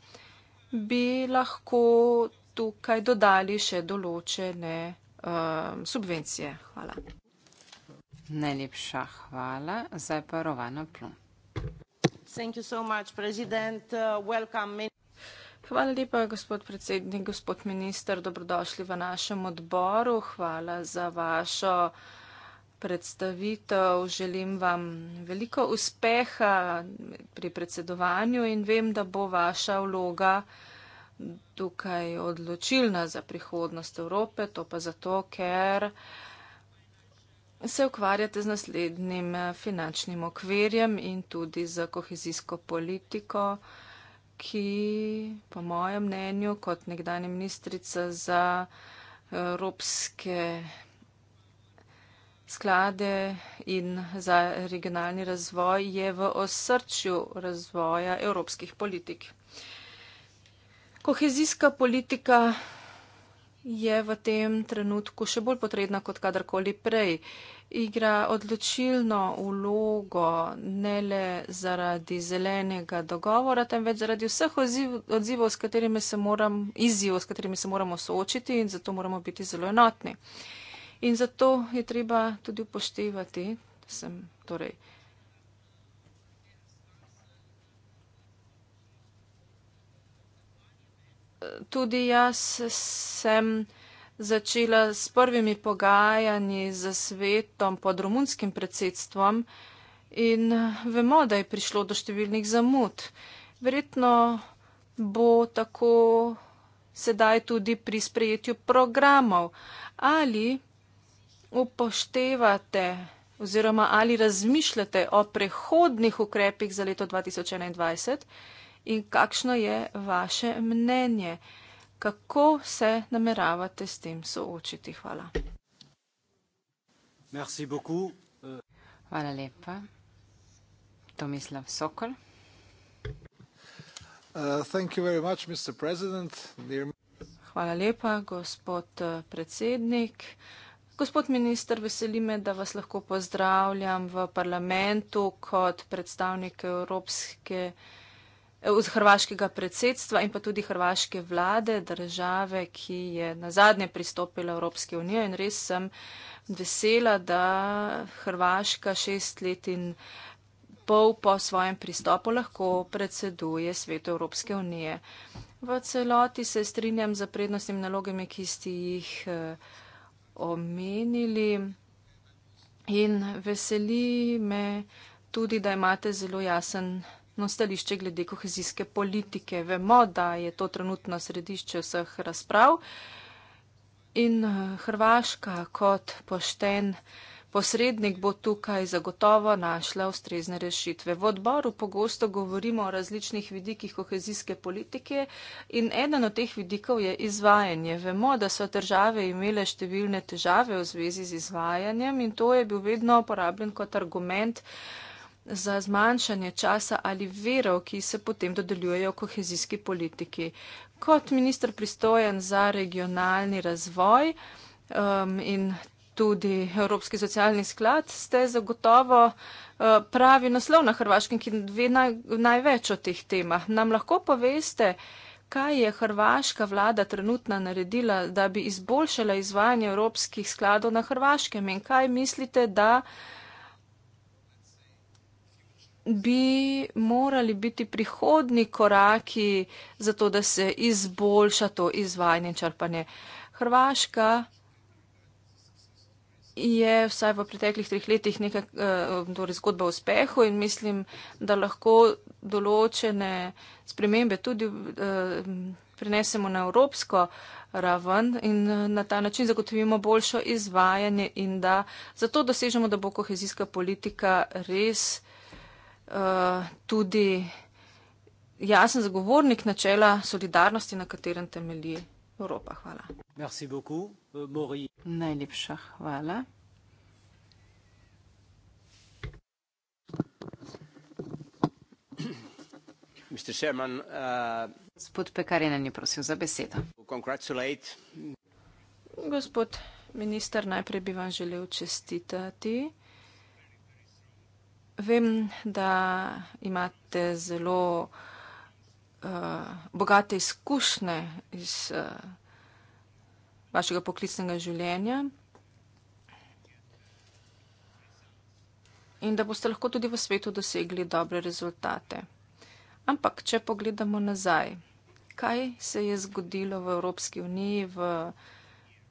S3: bi lahko tukaj dodali še določene um, subvencije. Hvala.
S2: Najlepša hvala. Zdaj pa Rovana Plump.
S3: Uh, Hvala lepa, gospod predsednik, gospod minister. Dobrodošli v našem odboru. Hvala za vašo predstavitev. Želim vam veliko uspeha pri predsedovanju in vem, da bo vaša vloga tukaj odločilna za prihodnost Evrope. To pa zato, ker se ukvarjate z naslednjim eh, finančnim okvirjem in tudi z kohezijsko politiko, ki po mojem mnenju kot nekdani ministrica za evropske sklade in za regionalni razvoj je v osrčju razvoja evropskih politik. Kohezijska politika je v tem trenutku še bolj potrebna kot kadarkoli prej. Igra odločilno vlogo ne le zaradi zelenega dogovora, temveč zaradi vseh odziv, odzivov, s katerimi se moram, izzivov, s katerimi se moramo soočiti in zato moramo biti zelo enotni. In zato je treba tudi upoštevati, sem torej tudi jaz sem začela s prvimi pogajanji z svetom pod romunskim predsedstvom in vemo, da je prišlo do številnih zamud. Verjetno bo tako sedaj tudi pri sprejetju programov. Ali upoštevate oziroma ali razmišljate o prehodnih ukrepih za leto 2021? in kakšno je vaše mnenje, kako se nameravate s tem soočiti. Hvala.
S1: Merci beaucoup.
S3: Hvala lepa.
S1: Tomislav Sokol. Uh, thank you very much, Mr. President. Dear...
S3: Hvala lepa, gospod uh, predsednik. Gospod minister, veseli me, da vas lahko pozdravljam v parlamentu kot predstavnik Evropske unije od eh, hrvaškega predsedstva in pa tudi hrvaške vlade, države, ki je na zadnje pristopila Evropske unije in res sem vesela, da Hrvaška šest let in pol po svojem pristopu lahko predseduje svetu Evropske unije. V celoti se strinjam za prednostnimi nalogami, ki ste jih eh, omenili in veseli me tudi, da imate zelo jasen no, stališče glede kohezijske politike. Vemo, da je to trenutno središče vseh razprav in eh, Hrvaška kot pošten posrednik bo tukaj zagotovo našla ustrezne rešitve. V odboru pogosto govorimo o različnih vidikih kohezijske politike in eden od teh vidikov je izvajanje. Vemo, da so države imele številne težave v zvezi z izvajanjem in to je bil vedno uporabljen kot argument za zmanjšanje časa ali verov, ki se potem dodeljujejo kohezijski politiki. Kot minister pristojen za regionalni razvoj um, in tudi Evropski socialni sklad, ste zagotovo uh, pravi naslov na Hrvaškem, ki ve na, največ o teh temah. Nam lahko poveste, kaj je hrvaška vlada trenutna naredila, da bi izboljšala izvajanje evropskih skladov na Hrvaškem in kaj mislite, da bi morali biti prihodni koraki za to, da se izboljša to izvajanje črpanje. Hrvaška je vsaj v preteklih treh letih nekaj, eh, torej zgodba o uspehu in mislim, da lahko določene spremembe tudi eh, prenesemo na evropsko raven in eh, na ta način zagotovimo boljšo izvajanje in da zato dosežemo, da bo kohezijska politika res. Eh, tudi jasen zagovornik načela solidarnosti, na katerem temelji Evropa. Hvala.
S1: Merci beaucoup, euh, Mori. Najlepša hvala. Uh,
S3: Gospod Pekarjen
S2: je prosil za besedo.
S3: Gospod minister, najprej bi vam želel čestitati vem, da imate zelo uh, bogate izkušnje iz uh, vašega poklicnega življenja in da boste lahko tudi v svetu dosegli dobre rezultate. Ampak, če pogledamo nazaj, kaj se je zgodilo v Evropski uniji v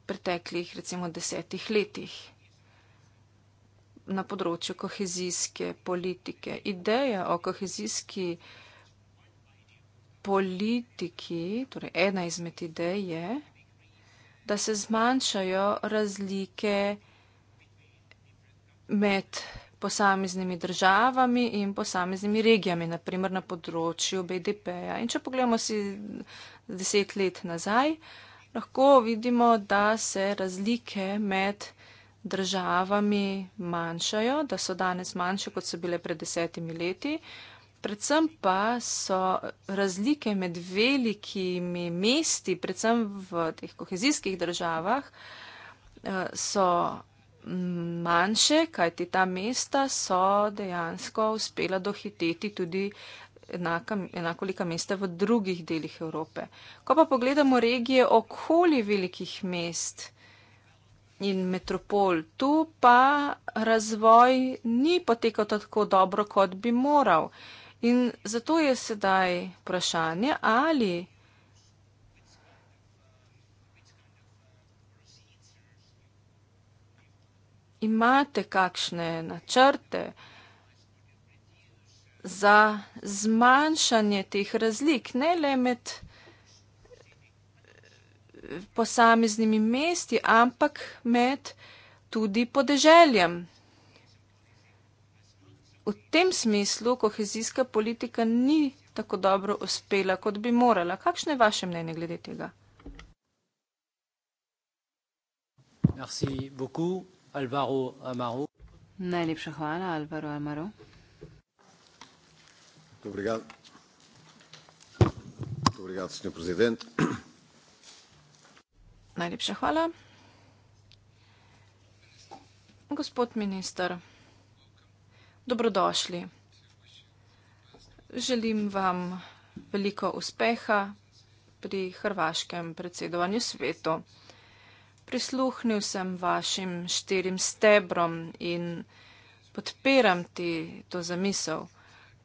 S3: preteklih, recimo, desetih letih? na področju kohezijske politike. Ideja o kohezijski politiki, torej ena izmed idej je, da se zmanjšajo razlike med posameznimi državami in posameznimi regijami, naprimer na področju BDP-ja. In če pogledamo si deset let nazaj, lahko vidimo, da se razlike med državami manjšajo, da so danes manjše, kot so bile pred desetimi leti. Predvsem pa so razlike med velikimi mesti, predvsem v teh kohezijskih državah, eh, so manjše, kajti ta mesta so dejansko uspela dohiteti tudi enaka, enakolika mesta v drugih delih Evrope. Ko pa pogledamo regije okoli velikih mest, in metropol. Tu pa razvoj ni potekal tako dobro, kot bi moral. In zato je sedaj vprašanje, ali imate kakšne načrte za zmanjšanje teh razlik, ne le med posameznimi mesti, ampak med tudi podeželjem. V tem smislu kohezijska politika ni tako dobro uspela, kot bi morala. Kakšno je vaše mnenje glede tega?
S1: Merci beaucoup, Alvaro Amaro.
S2: Najlepša hvala, Alvaro Amaro.
S3: Obrigado. Obrigado, Sr. Presidente. Najlepša hvala. Gospod minister, dobrodošli. Želim vam veliko uspeha pri hrvaškem predsedovanju svetu. Prisluhnil sem vašim štirim stebrom in podpiram ti to zamisel.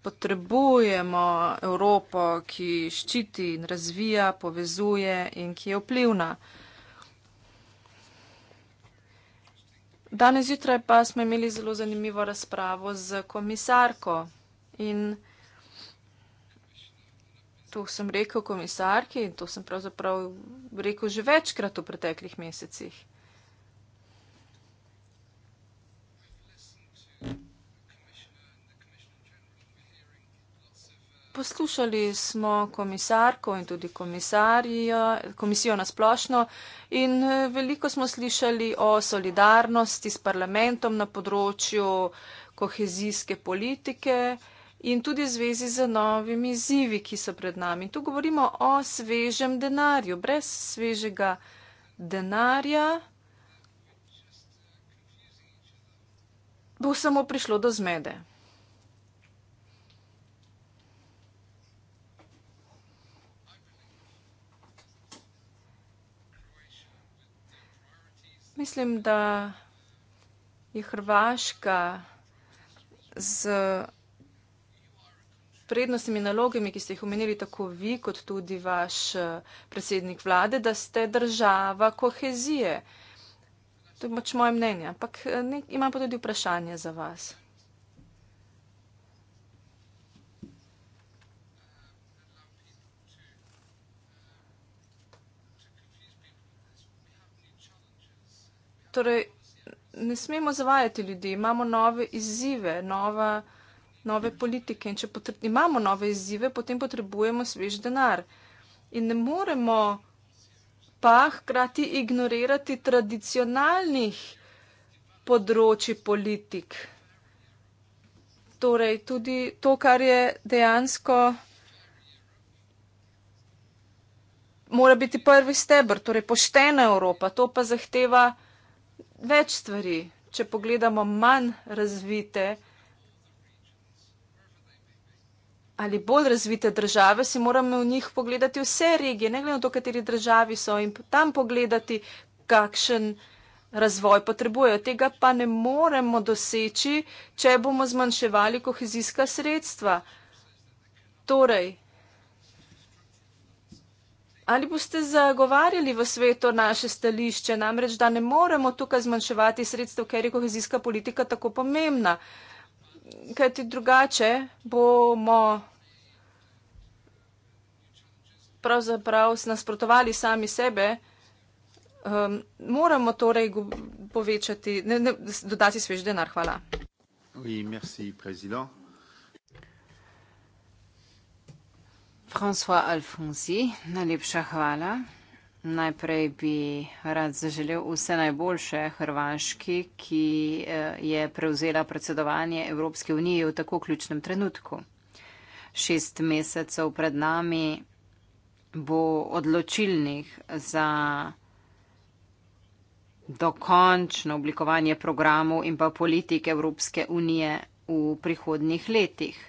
S3: Potrebujemo Evropo, ki ščiti in razvija, povezuje in ki je vplivna. Danes zjutraj pa smo imeli zelo zanimivo razpravo z komisarko in to sem rekel komisarki in to sem pravzaprav rekel že večkrat v preteklih mesecih. Poslušali smo komisarko in tudi komisijo na splošno in eh, veliko smo slišali o solidarnosti s parlamentom na področju kohezijske politike in tudi zvezi z novimi zivi, ki so pred nami. Tu govorimo o svežem denarju. Brez svežega denarja bo samo prišlo do zmede. Mislim, da je Hrvaška z prednostnimi nalogami, ki ste jih omenili tako vi, kot tudi vaš eh, predsednik vlade, da ste država kohezije. To je moč pač moje mnenje, ampak eh, imam pa tudi vprašanje za vas. Torej, ne smemo zavajati ljudi, imamo nove izzive, nova, nove politike in če imamo nove izzive, potem potrebujemo svež denar. In ne moremo pa hkrati ignorirati tradicionalnih področji politik. Torej, tudi to, kar je dejansko, mora biti prvi stebr, torej poštena Evropa, to pa zahteva več stvari, če pogledamo manj razvite ali bolj razvite države, si moramo v njih pogledati vse regije, ne glede na to, kateri državi so in tam pogledati, kakšen razvoj potrebujejo. Tega pa ne moremo doseči, če bomo zmanjševali kohezijska sredstva. Torej, Ali boste zagovarjali v svetu naše stališče, namreč, da ne moremo tukaj zmanjševati sredstev, ker je kohezijska politika tako pomembna, ker ti drugače bomo pravzaprav nasprotovali sami sebe, um, moramo torej povečati, ne, ne, dodati svež denar. Hvala. Oui, merci,
S2: François Alfonsi, najlepša hvala. Najprej bi rad zaželel vse najboljše Hrvaški, ki eh, je prevzela predsedovanje Evropske unije v tako ključnem trenutku. Šest mesecev pred nami bo odločilnih za dokončno oblikovanje programov in pa politik Evropske unije v prihodnjih letih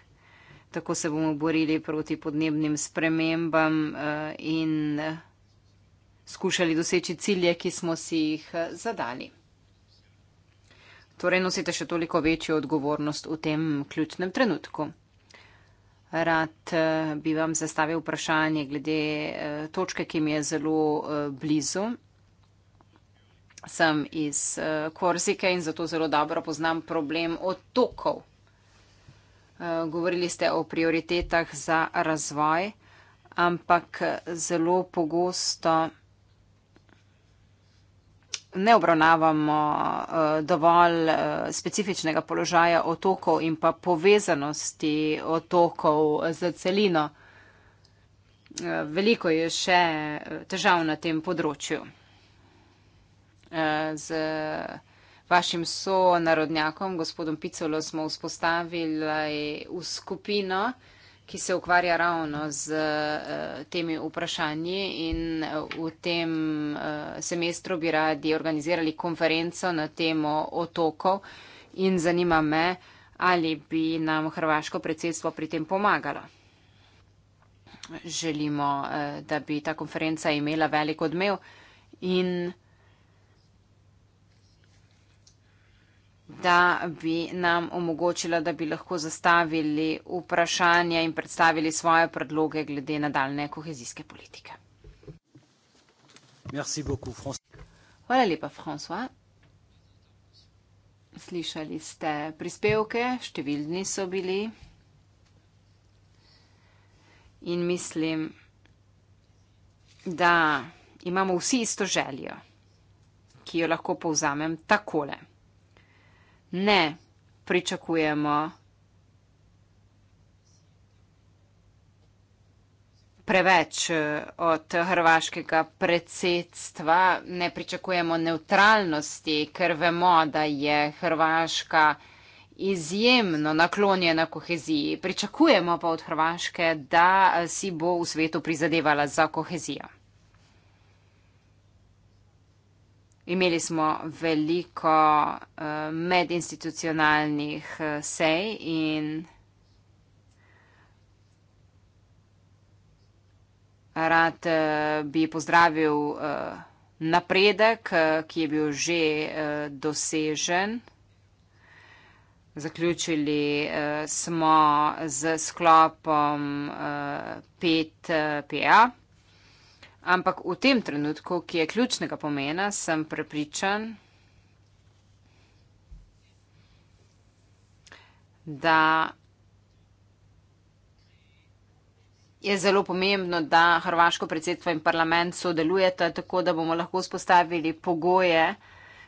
S2: tako se bomo borili proti podnebnim spremembam eh, in eh, skušali doseči cilje, ki smo si jih eh, zadali. Torej nosite še toliko večjo odgovornost v tem ključnem trenutku. Rad bi vam zastavil vprašanje glede točke, ki mi je zelo blizu. Sem iz Korsike in zato zelo dobro poznam problem otokov. Eh, govorili ste o prioritetah za razvoj, ampak zelo pogosto ne obravnavamo eh, dovolj eh, specifičnega položaja otokov in pa povezanosti otokov za celino. Veliko je še težav na tem področju. Z vašim sonarodnjakom, gospodom Picolo, smo vzpostavili v skupino, ki se ukvarja ravno z uh, temi vprašanji in eh, v tem uh, semestru bi radi organizirali konferenco na temo otokov in zanima me, ali bi nam hrvaško predsedstvo pri tem pomagalo. Želimo, uh, da bi ta konferenca imela velik odmev in da bi nam omogočila, da bi lahko zastavili vprašanja in predstavili svoje predloge glede nadaljne kohezijske politike.
S1: Merci beaucoup,
S2: Hvala lepa, François. Slišali ste prispevke, številni so bili in mislim, da imamo vsi isto željo, ki jo lahko povzamem takole ne pričakujemo. Preveč eh, od hrvaškega predsedstva ne pričakujemo neutralnosti, ker vemo, da je Hrvaška izjemno naklonjena koheziji. Pričakujemo pa od Hrvaške, da si bo v svetu prizadevala za kohezijo. Imeli smo veliko uh, medinstitucionalnih uh, sej in rad uh, bi pozdravil uh, napredek, uh, ki je bil že uh, dosežen. Zaključili uh, smo z sklopom uh, 5PA. Uh, Ampak v tem trenutku, ki je ključnega pomena, sem prepričan, da je zelo pomembno, da Hrvaško predsedstvo in parlament sodelujete, tako da bomo lahko spostavili pogoje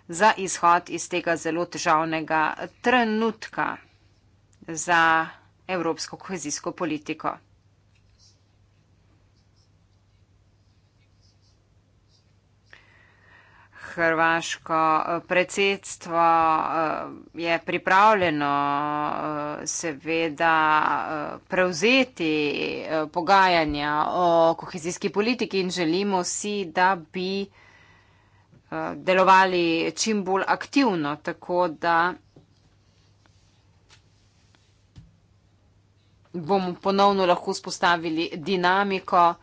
S2: za izhod iz tega zelo težavnega trenutka za evropsko kohezijsko politiko. hrvaško eh, predsedstvo eh, je pripravljeno eh, seveda prevzeti pogajanja o kohezijski politiki in želimo si, da bi delovali čim bolj aktivno, tako da bomo ponovno lahko spostavili dinamiko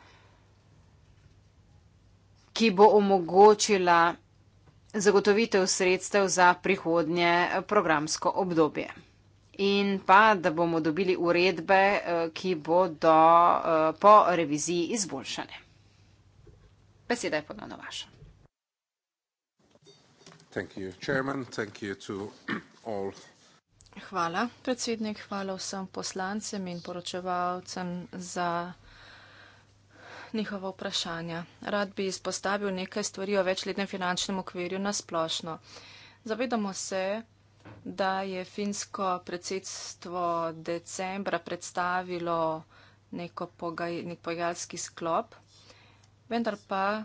S2: ki bo omogočila zagotovitev sredstev za prihodnje eh, programsko obdobje. In pa, da bomo dobili uredbe, eh, ki bodo eh, po reviziji izboljšane. Beseda je ponovno vaša.
S3: Hvala, predsednik. Hvala vsem poslancem in poročevalcem za njihova vprašanja. Rad bi izpostavil nekaj stvari o večletnem finančnem okvirju na splošno. Zavedamo se, da je finsko predsedstvo decembra predstavilo pogaj, nek pogajalski sklop, vendar pa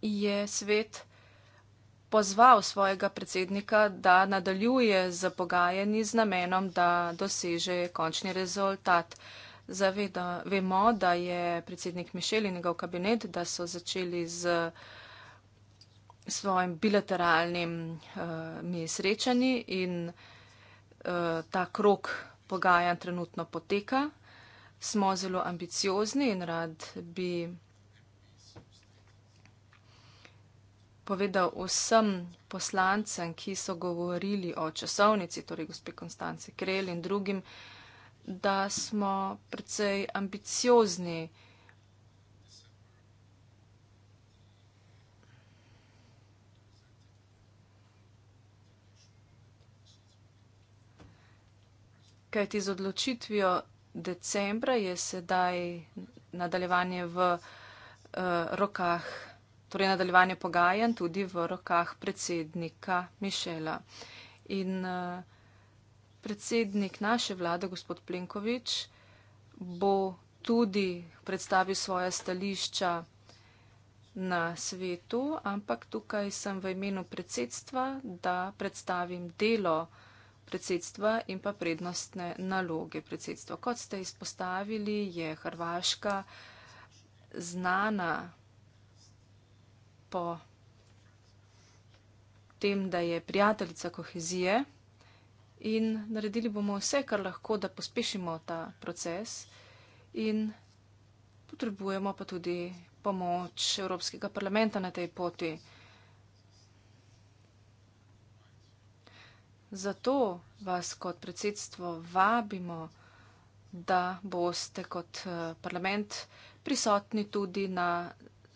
S3: je svet pozval svojega predsednika, da nadaljuje z pogajanji z namenom, da doseže končni rezultat. Zaveda, vemo, da je predsednik Mišel in njegov kabinet, da so začeli z svojim bilateralnimi eh, uh, srečanji in uh, ta krok pogajanj trenutno poteka. Smo zelo ambiciozni in rad bi povedal vsem poslancem, ki so govorili o časovnici, torej gospe Konstance Krel in drugim, da smo precej ambiciozni. Kaj ti z odločitvijo decembra je sedaj nadaljevanje v uh, rokah torej nadaljevanje pogajanj tudi v rokah predsednika Mišela. In eh, predsednik naše vlade, gospod Plenkovič, bo tudi predstavil svoje stališča na svetu, ampak tukaj sem v imenu predsedstva, da predstavim delo predsedstva in pa prednostne naloge predsedstva. Kot ste izpostavili, je Hrvaška znana po tem, da je prijateljica kohezije in naredili bomo vse, kar lahko, da pospešimo ta proces in potrebujemo pa tudi pomoč Evropskega parlamenta na tej poti. Zato vas kot predsedstvo vabimo, da boste kot eh, parlament prisotni tudi na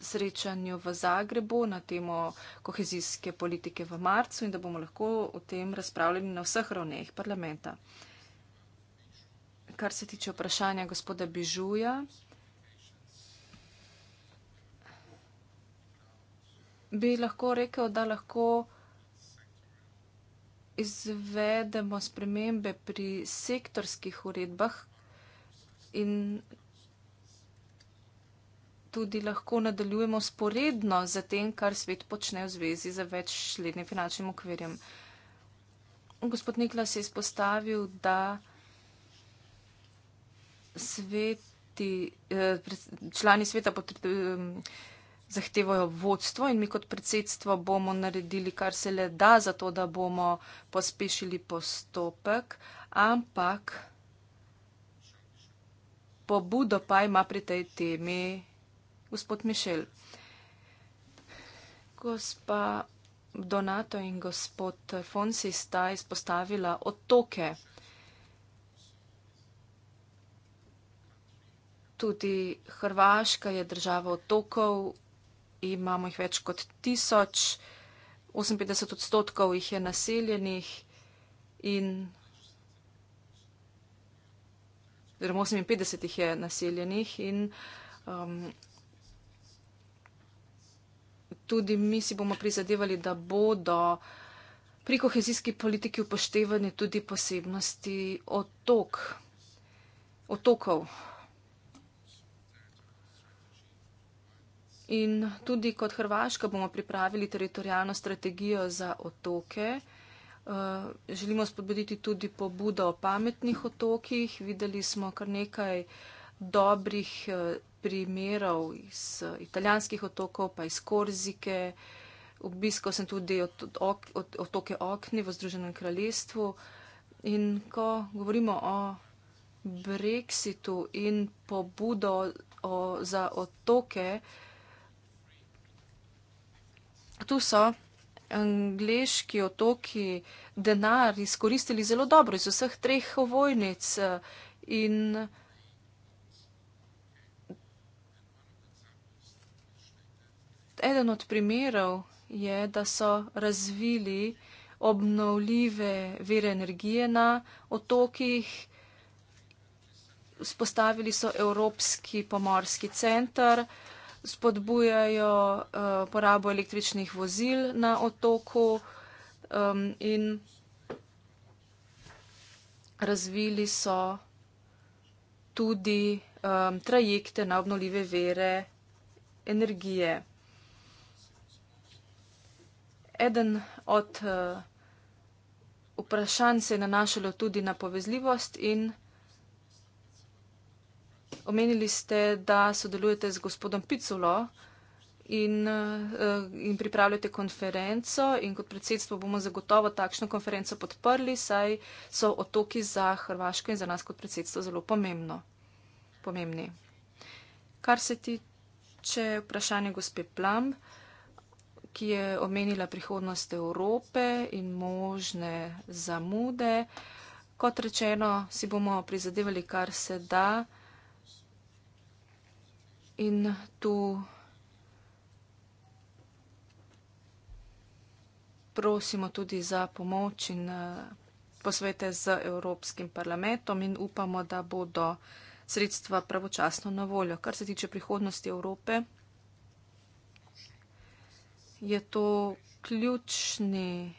S3: srečanju v Zagrebu na temo kohezijske politike v marcu in da bomo lahko o tem razpravljali na vseh ravneh parlamenta. Kar se tiče vprašanja gospoda Bižuja. Bi lahko rekel, da lahko izvedemo spremembe pri sektorskih uredbah in tudi lahko nadaljujemo sporedno z tem, kar svet počne v zvezi z večletnim finančnim okvirjem. Gospod Niklas je izpostavil, da sveti, eh, člani sveta eh, zahtevajo vodstvo in mi kot predsedstvo bomo naredili, kar se le da, zato da bomo pospešili postopek, ampak pobudo pa ima pri tej temi gospod Mišel. Gospa Donato in gospod Fonsi sta izpostavila otoke. Tudi Hrvaška je država otokov, imamo jih več kot tisoč, 58 odstotkov jih je naseljenih in 58 jih je naseljenih in um, tudi mi si bomo prizadevali, da bodo pri kohezijski politiki upoštevani tudi posebnosti otok, otokov. In tudi kot Hrvaška bomo pripravili teritorijalno strategijo za otoke. Eh, želimo spodbuditi tudi pobudo o pametnih otokih. Videli smo kar nekaj dobrih eh, primerov iz eh, italijanskih otokov, pa iz Korzike. Obiskal sem tudi od, od, od, otoke Okni v Združenem kraljestvu. In ko govorimo o Brexitu in pobudo o, za otoke, tu so angliški otoki denar izkoristili zelo dobro iz vseh treh vojnic eh, in eden od primerov je, da so razvili obnovljive vere energije na otokih, spostavili so Evropski pomorski center, spodbujajo uh, porabo električnih vozil na otoku um, in razvili so tudi um, trajekte na obnovljive vere energije. Eden od eh, vprašanj se je nanašalo tudi na povezljivost in omenili ste, da sodelujete z gospodom Piculo in, eh, in pripravljate konferenco in kot predsedstvo bomo zagotovo takšno konferenco podprli, saj so otoki za Hrvaško in za nas kot predsedstvo zelo pomembno, pomembni. Kar se tiče vprašanja gospe Plamb, ki je omenila prihodnost Evrope in možne zamude. Kot rečeno, si bomo prizadevali, kar se da. In tu prosimo tudi za pomoč in eh, posvete z Evropskim parlamentom in upamo, da bodo sredstva pravočasno na voljo. Kar se tiče prihodnosti Evrope, je to ključni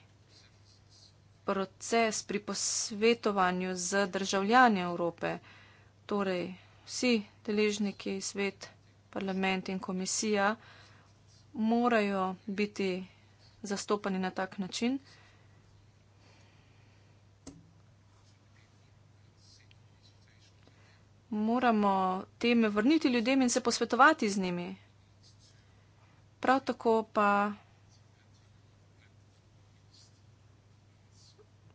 S3: proces pri posvetovanju z državljani Evrope, torej vsi deležniki, svet, parlament in komisija morajo biti zastopani na tak način. Moramo teme vrniti ljudem in se posvetovati z njimi. Prav tako pa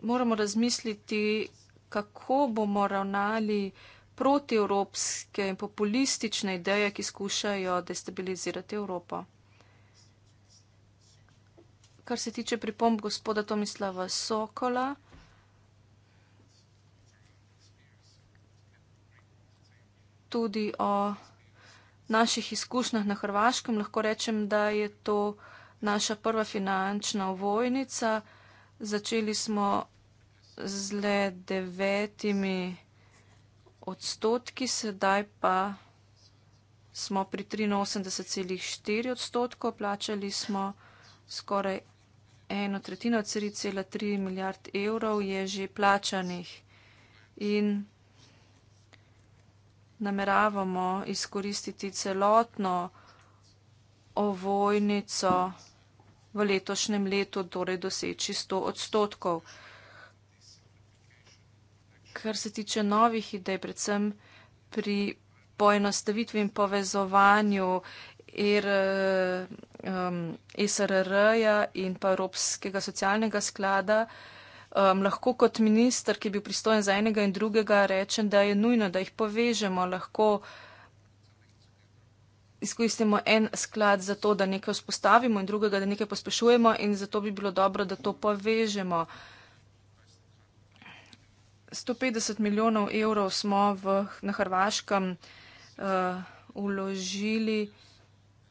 S3: moramo razmisliti, kako bomo ravnali protievropske in populistične ideje, ki skušajo destabilizirati Evropo. Kar se tiče pripomb gospoda Tomislava Sokola, tudi o naših izkušnjah na Hrvaškem lahko rečem, da je to naša prva finančna vojnica. Začeli smo z le devetimi odstotki, sedaj pa smo pri 83,4 odstotkov, plačali smo skoraj eno tretjino, 3,3 milijard evrov je že plačanih. In nameravamo izkoristiti celotno ovojnico v letošnjem letu, torej doseči 100 odstotkov. Kar se tiče novih idej, predvsem pri poenostavitvi in povezovanju er, um, SRR-ja in pa Evropskega socialnega sklada, um, lahko kot minister, ki bi pristojen za enega in drugega, rečem, da je nujno, da jih povežemo, lahko izkoristimo en sklad za to, da nekaj vzpostavimo in drugega, da nekaj pospešujemo in zato bi bilo dobro, da to povežemo. 150 milijonov evrov smo v, na Hrvaškem uh, eh, uložili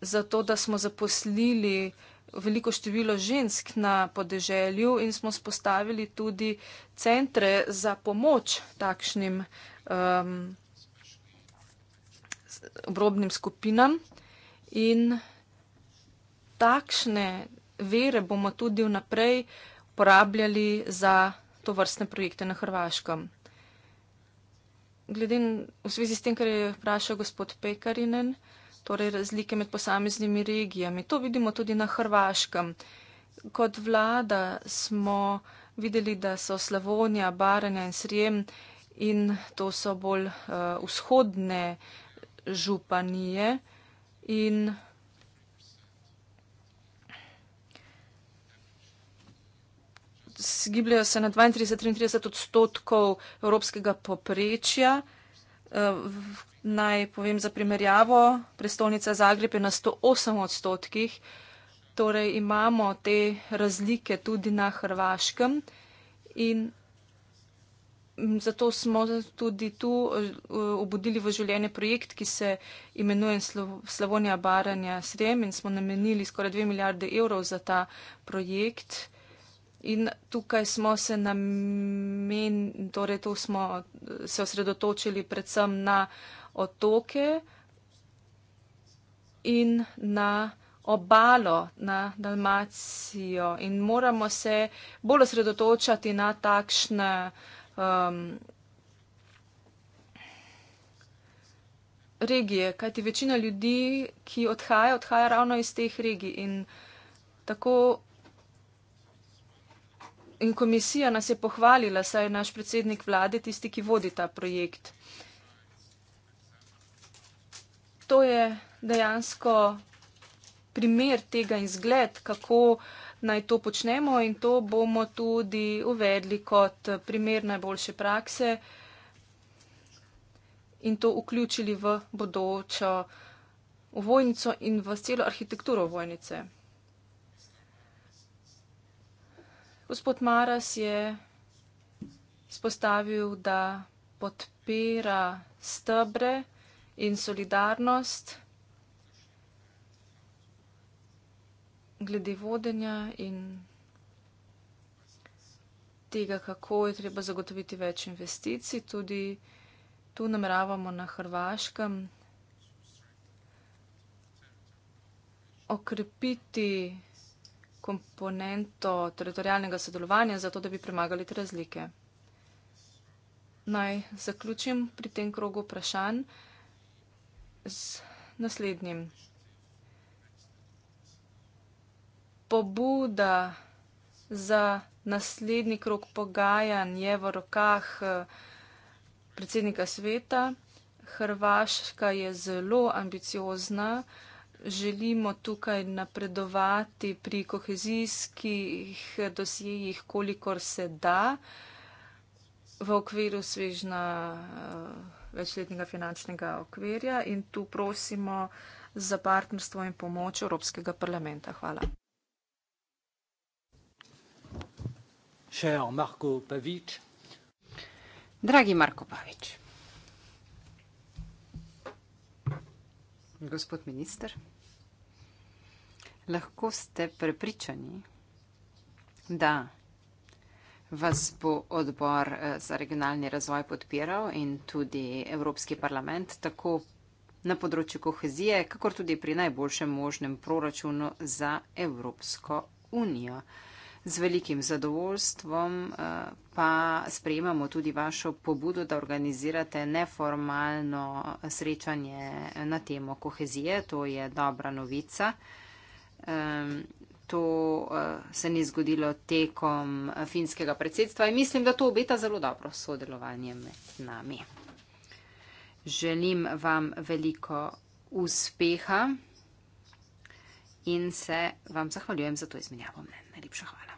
S3: zato, da smo zaposlili veliko število žensk na podeželju in smo spostavili tudi centre za pomoč takšnim um, obrobnim skupinam. In takšne vere bomo tudi vnaprej uporabljali za to vrstne projekte na Hrvaškem. Glede v zvezi s tem, kar je vprašal gospod Pekarinen, uh, torej razlike med posameznimi regijami. To vidimo tudi na Hrvaškem. Kot vlada smo videli, da so Slavonija, Baranja in Srijem in to so bolj uh, vzhodne županije in zgibljajo se na 32-33 odstotkov evropskega poprečja. Eh, Naj povem za primerjavo, prestolnica Zagreb je na 108 odstotkih, torej imamo te razlike tudi na Hrvaškem in zato smo tudi tu eh, obudili v življenje projekt, ki se imenuje Slavonija baranja srem in smo namenili skoraj 2 milijarde evrov za ta projekt. In tukaj smo se na men, torej tu smo se osredotočili predvsem na otoke in na obalo, na Dalmacijo. In moramo se bolj osredotočati na takšne um, regije, kajti večina ljudi, ki odhaja, odhaja ravno iz teh regij. In tako. In komisija nas je pohvalila, saj je naš predsednik vlade tisti, ki vodi ta projekt. to je dejansko primer tega in zgled, kako naj to počnemo in to bomo tudi uvedli kot primer najboljše prakse in to vključili v bodočo vojnico in v celo arhitekturo vojnice. Gospod Maras je spostavil, da podpira stebre, in solidarnost glede vodenja in tega, kako je treba zagotoviti več investicij. Tudi tu nameravamo na Hrvaškem okrepiti komponento teritorijalnega sodelovanja, zato da bi premagali te razlike. Naj zaključim pri tem krogu vprašanj z naslednjim. Pobuda za naslednji krok pogajanj je v rokah eh, predsednika sveta. Hrvaška je zelo ambiciozna, želimo tukaj napredovati pri kohezijskih dosjejih, kolikor se da v okviru svežna. Uh, večletnega finančnega okvirja in tu prosimo za partnerstvo in pomoč Evropskega parlamenta. Hvala.
S1: Marko Pavič.
S2: Dragi Marko Pavič. Gospod minister, lahko ste prepričani, da vas bo odbor eh, za regionalni razvoj podpiral in tudi Evropski parlament, tako na področju kohezije, kakor tudi pri najboljšem možnem proračunu za Evropsko unijo. Z velikim zadovoljstvom eh, pa sprejemamo tudi vašo pobudo, da organizirate neformalno srečanje na temo kohezije. To je dobra novica to eh, se ni zgodilo tekom eh, finskega predsedstva in mislim, da to obeta zelo dobro sodelovanje med nami. Želim vam veliko uspeha in se vam zahvaljujem za to izmenjavo mnen. Najlepša hvala.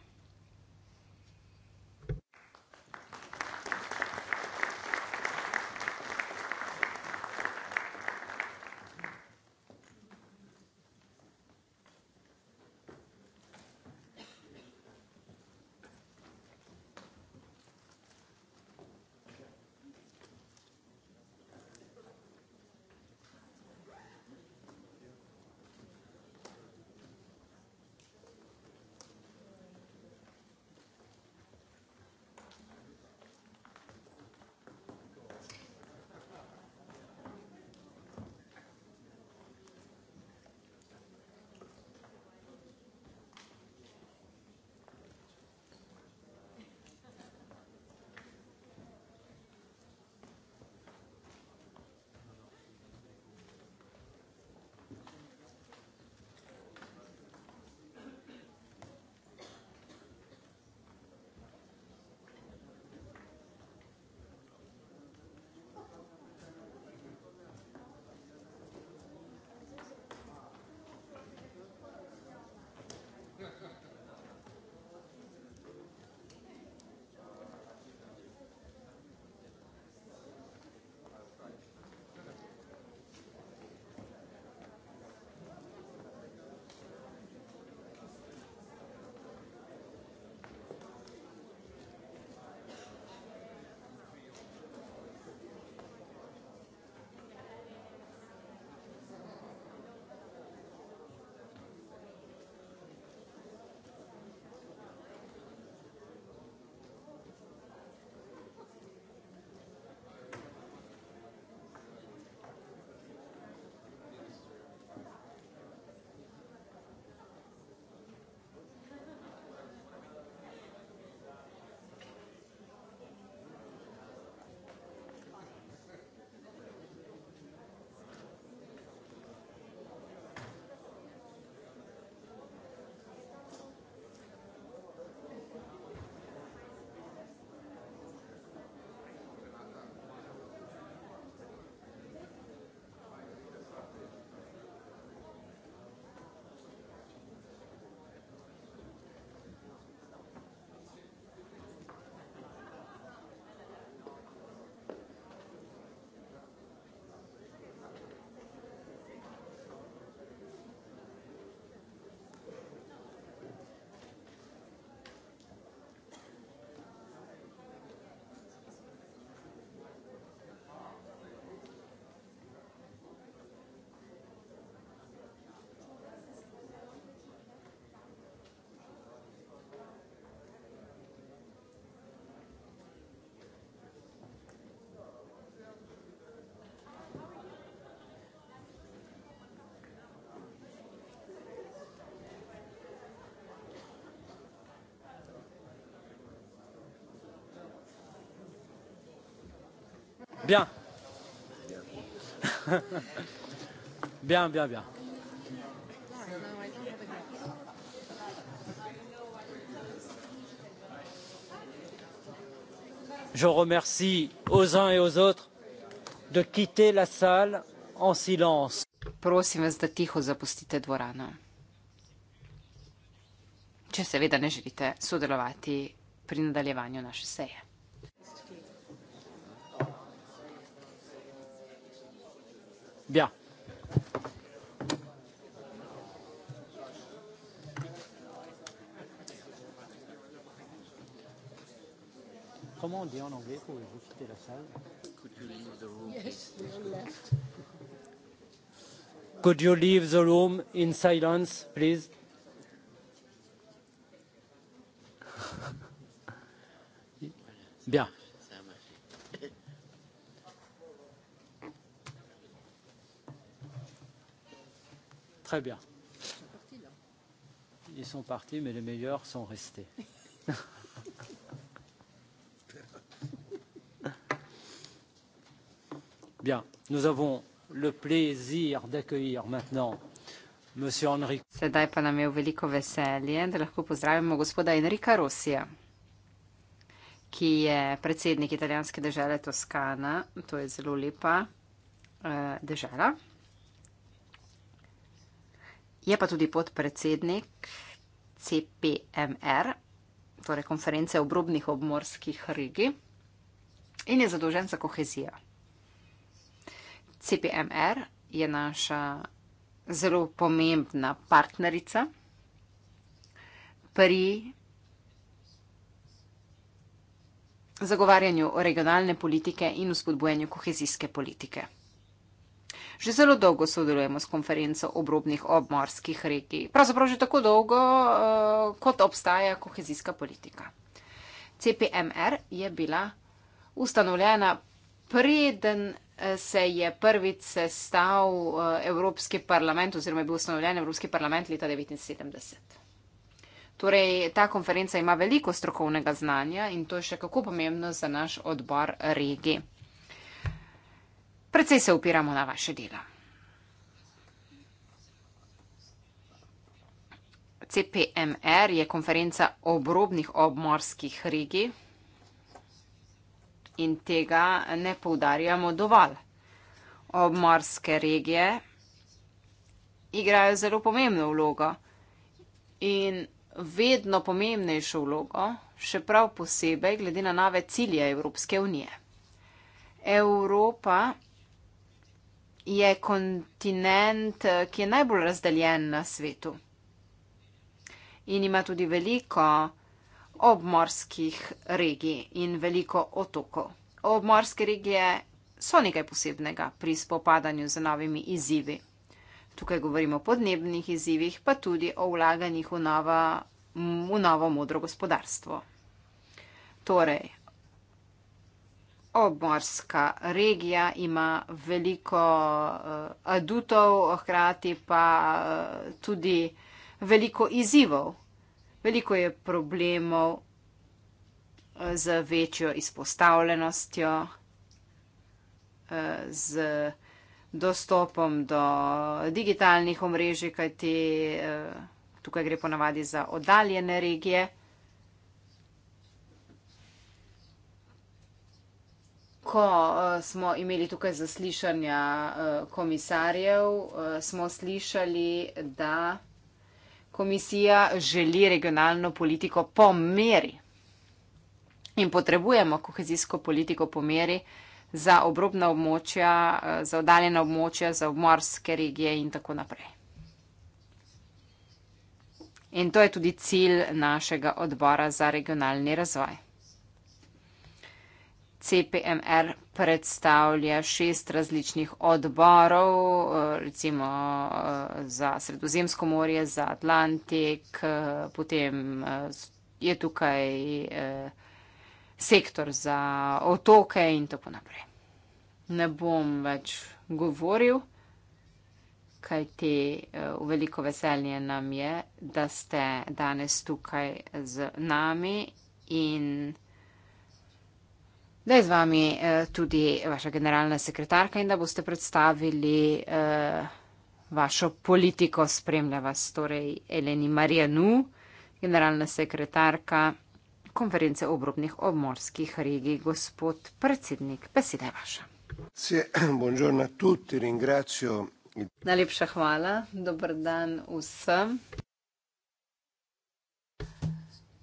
S1: Bien. bien, bien, bien. Je remercie aux uns et aux autres de quitter la salle en silence. Prosim vas, da tiho zapustite dvorano.
S2: Če seveda ne želite sodelovati pri nadaljevanju naše seje.
S1: Bien. Ja. Comment on dit en anglais pour vous quitter la salle Could you leave the room? Yes, they all left. Could you leave the room in silence, please <laughs> Bien. Très bien. Ils sont partis, mais les meilleurs sont restés. <laughs> bien, nous avons le plaisir d'accueillir maintenant Monsieur Henri. Sedaj pa nam je v veliko veselje,
S2: da lahko pozdravimo gospoda Enrika Rosija, ki je predsednik italijanske države Toskana. To je zelo lepa uh, eh, država. Je pa tudi podpredsednik CPMR, torej konference obrobnih obmorskih regij in je zadolžen za kohezijo. CPMR je naša zelo pomembna partnerica pri zagovarjanju regionalne politike in vzpodbujanju kohezijske politike. Že zelo dolgo sodelujemo s konferenco obrobnih obmorskih regij, pravzaprav že tako dolgo, eh, kot obstaja kohezijska politika. CPMR je bila ustanovljena preden eh, se je prvič sestal eh, Evropski parlament oziroma je bil ustanovljen Evropski parlament leta 1979. Torej, ta konferenca ima veliko strokovnega znanja in to je še kako pomembno za naš odbor regij. Predvsej se upiramo na vaše delo. CPMR je konferenca obrobnih obmorskih regij in tega ne poudarjamo dovolj. Obmorske regije igrajo zelo pomembno vlogo in vedno pomembnejšo vlogo, še prav posebej glede na nove cilje Evropske unije. Evropa je kontinent, eh, ki je najbolj razdeljen na svetu in ima tudi veliko obmorskih regij in veliko otokov. Obmorske regije so nekaj posebnega pri spopadanju z novimi izzivi. Tukaj govorimo o podnebnih izzivih, pa tudi o vlaganjih v novo, v novo modro gospodarstvo. Torej, obmorska regija ima veliko uh, adutov, hkrati pa uh, tudi veliko izzivov. Veliko je problemov eh, z večjo izpostavljenostjo, z dostopom do digitalnih omrežij, kajti tukaj gre ponavadi za oddaljene regije. ko uh, smo imeli tukaj zaslišanja uh, komisarjev, uh, smo slišali, da komisija želi regionalno politiko po meri in potrebujemo kohezijsko politiko po meri za obrobna območja, uh, za oddaljena območja, za obmorske regije in tako naprej. In to je tudi cilj našega odbora za regionalni razvoj. CPMR predstavlja šest različnih odborov, eh, recimo eh, za Sredozemsko morje, za Atlantik, eh, potem je tukaj sektor za otoke in tako naprej. Ne bom več govoril, kaj te veliko veselje nam je, da ste danes tukaj z nami in da je z vami uh, tudi vaša generalna sekretarka in da boste predstavili uh, vašo politiko. Spremlja vas torej Eleni Marijanu, generalna sekretarka konference obrobnih obmorskih regij. Gospod predsednik, beseda je vaša. Najlepša hvala, dober dan vsem.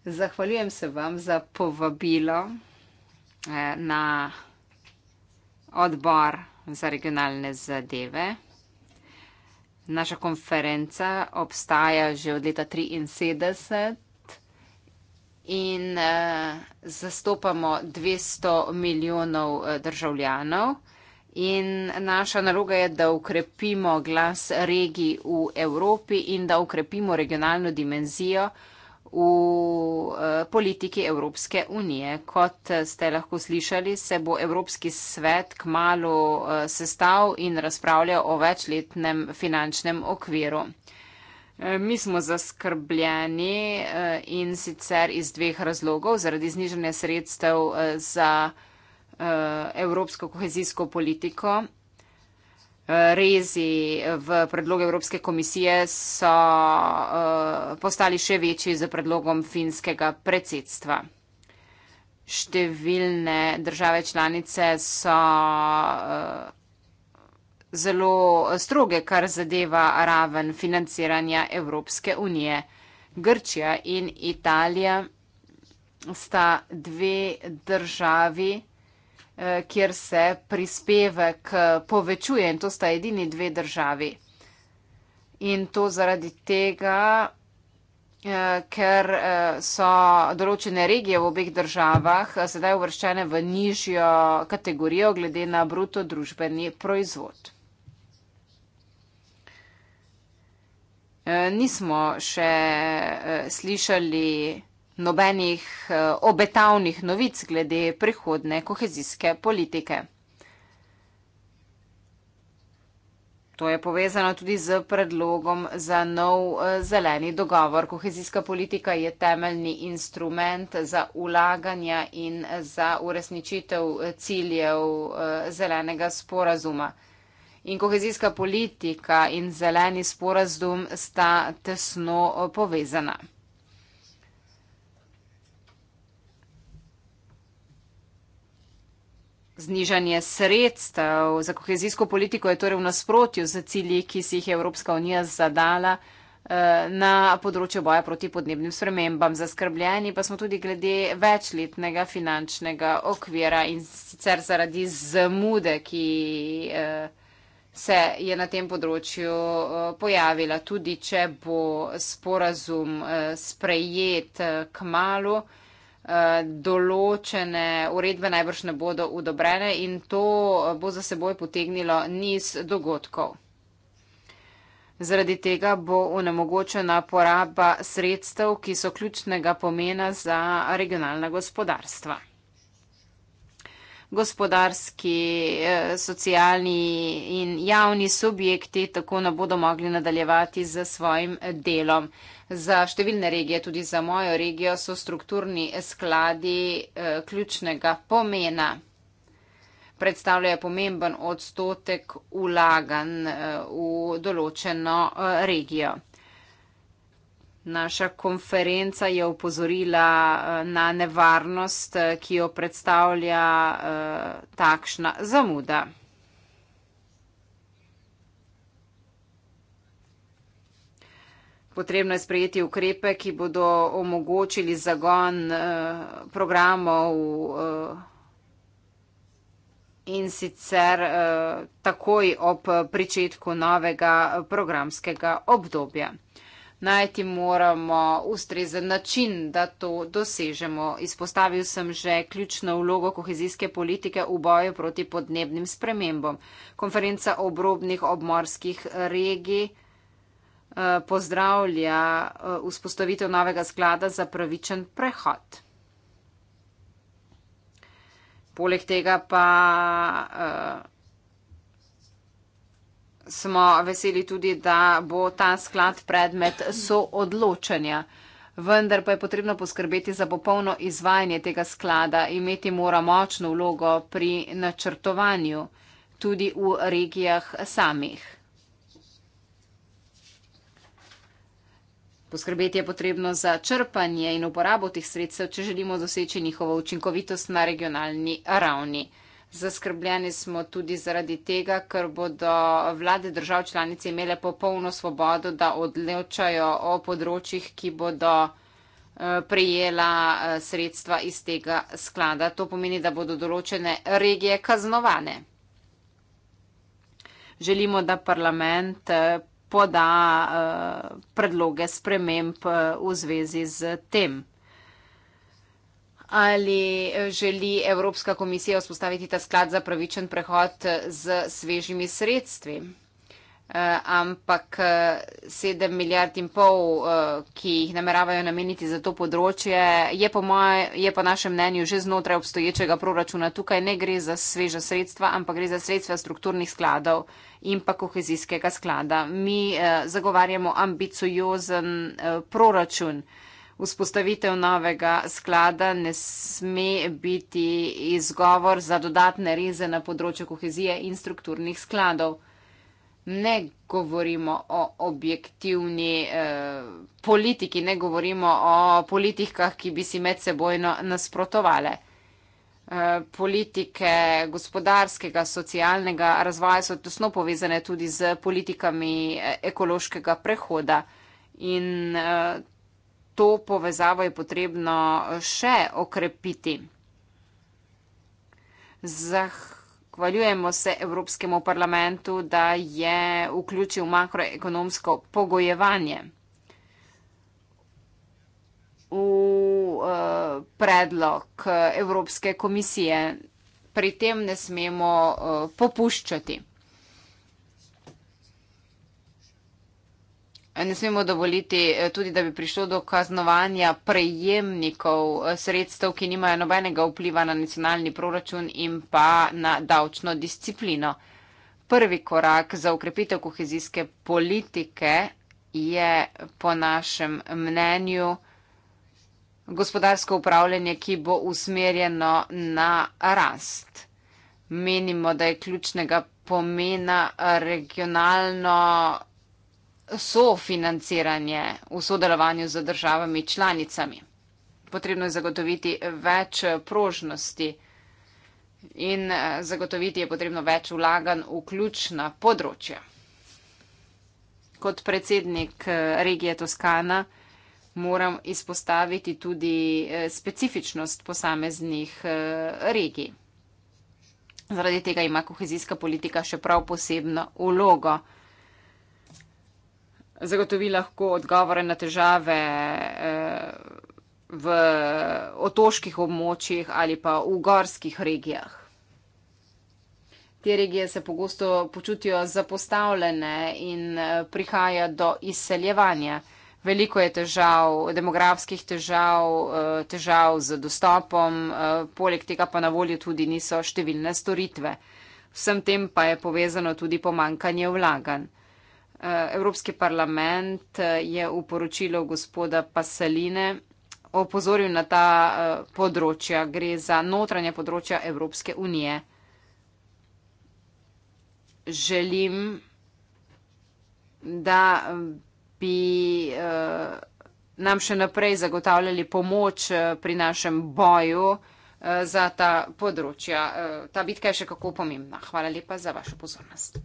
S2: Zahvaljujem se vam za povabilo. Eh, na odbor za regionalne zadeve. Naša konferenca obstaja že od leta 1973 in eh, zastopamo 200 milijonov eh, državljanov. In naša naloga je, da ukrepimo glas regij v Evropi in da ukrepimo regionalno dimenzijo, v uh, politiki Evropske unije. Kot eh, ste lahko slišali, se bo Evropski svet k malu uh, eh, sestav in razpravljal o večletnem finančnem okviru. Mi smo zaskrbljeni in sicer iz dveh razlogov, zaradi zniženja sredstev za evropsko kohezijsko politiko rezi v predlog Evropske komisije so eh, postali še večji z predlogom finskega predsedstva. Številne države članice so eh, zelo stroge, kar zadeva raven financiranja Evropske unije. Grčija in Italija sta dve državi, Eh, kjer se prispevek eh, povečuje in to sta edini dve državi. In to zaradi tega, eh, ker so določene regije v obeh državah sedaj uvrščene v nižjo kategorijo glede na bruto družbeni proizvod. Nismo še slišali, da je to, nobenih eh, obetavnih novic glede prihodne kohezijske politike. To je povezano tudi z predlogom za nov eh, zeleni dogovor. Kohezijska politika je temeljni instrument za ulaganja in eh, za uresničitev ciljev zelenega sporazuma. In kohezijska politika in zeleni sporazum sta tesno povezana. Znižanje sredstev za kohezijsko politiko je torej v nasprotju z cilji, ki si jih je Evropska unija zadala eh, na področju boja proti podnebnim spremembam. Zaskrbljeni pa smo tudi glede večletnega finančnega okvira in sicer zaradi zamude, ki eh, se je na tem področju eh, pojavila, tudi če bo sporazum sprejet k malu določene uredbe najbrž ne bodo udobrene in to bo za seboj potegnilo niz dogodkov. Zaradi tega bo onemogočena poraba sredstev, ki so ključnega pomena za regionalna gospodarstva gospodarski, eh, socialni in javni subjekti tako ne bodo mogli nadaljevati z svojim delom. Za številne regije, tudi za mojo regijo, so strukturni skladi eh, ključnega pomena. Predstavljajo pomemben odstotek ulagan eh, v določeno regijo. Naša konferenca je upozorila eh, na nevarnost, eh, ki jo predstavlja eh, takšna zamuda. Potrebno je sprejeti ukrepe, ki bodo omogočili zagon programov in sicer takoj ob pričetku novega programskega obdobja najti moramo ustrezen način, da to dosežemo. Izpostavil sem že ključno vlogo kohezijske politike v boju proti podnebnim spremembom. Konferenca obrobnih obmorskih regij eh, pozdravlja eh, vzpostavitev novega sklada za pravičen prehod. Poleg tega pa eh, smo veseli tudi, da bo ta sklad predmet soodločanja. Vendar pa je potrebno poskrbeti za popolno izvajanje tega sklada, imeti mora močno vlogo pri načrtovanju, tudi v regijah samih. Poskrbeti je potrebno za črpanje in uporabo teh sredstev, če želimo doseči njihovo učinkovitost na regionalni ravni. Zaskrbljeni smo tudi zaradi tega, ker bodo vlade držav članice imele popolno svobodo, da odločajo o področjih, ki bodo eh, prejela eh, sredstva iz tega sklada. To pomeni, da bodo določene regije kaznovane. Želimo, da parlament eh, poda predloge sprememb v zvezi z tem ali eh, želi Evropska komisija vzpostaviti ta sklad za pravičen prehod z svežimi sredstvi. Eh, ampak eh, sedem milijard in pol, ki jih nameravajo nameniti za to področje, je po, moje, je po našem mnenju že znotraj obstoječega proračuna. Tukaj ne gre za sveža sredstva, ampak gre za sredstva strukturnih skladov in pa kohezijskega sklada. Mi zagovarjamo ambiciozen proračun. Vzpostavitev novega sklada ne sme biti izgovor za dodatne reze na področju kohezije in strukturnih skladov. Ne govorimo o objektivni eh, politiki, ne govorimo o politikah, ki bi si med sebojno nasprotovale. Eh, politike gospodarskega, socialnega razvoja so tesno povezane tudi z politikami eh, ekološkega prehoda in eh, to povezavo je potrebno še okrepiti. Zahvaljujemo se Evropskemu parlamentu, da je vključil makroekonomsko pogojevanje v eh, predlog Evropske komisije. Pri tem ne smemo eh, popuščati. ne smemo dovoliti eh, tudi, da bi prišlo do kaznovanja prejemnikov eh, sredstev, ki nimajo nobenega vpliva na nacionalni proračun in pa na davčno disciplino. Prvi korak za ukrepitev kohezijske politike je po našem mnenju gospodarsko upravljanje, ki bo usmerjeno na rast. Menimo, da je ključnega pomena regionalno sofinanciranje v sodelovanju z državami članicami. Potrebno je zagotoviti več prožnosti in eh, zagotoviti je potrebno več vlagan v ključna področja. Kot predsednik eh, regije Toskana moram izpostaviti tudi eh, specifičnost posameznih regij. Zaradi tega ima kohezijska politika še prav posebno vlogo zagotovi lahko odgovore na težave eh, v otoških območjih ali pa v gorskih regijah. Te regije se pogosto počutijo zapostavljene in eh, prihaja do izseljevanja. Veliko je težav, demografskih težav, eh, težav z dostopom, poleg tega pa na voljo tudi niso številne storitve. Vsem tem pa je povezano tudi pomankanje vlaganj. Evropski parlament eh, je v poročilu gospoda Pasaline opozoril na ta eh, področja. Gre za notranje področja Evropske unije. Želim, da eh, bi nam še naprej zagotavljali pomoč pri našem boju za ta področja. Ta bitka je še kako pomembna. Hvala lepa za vašo pozornost.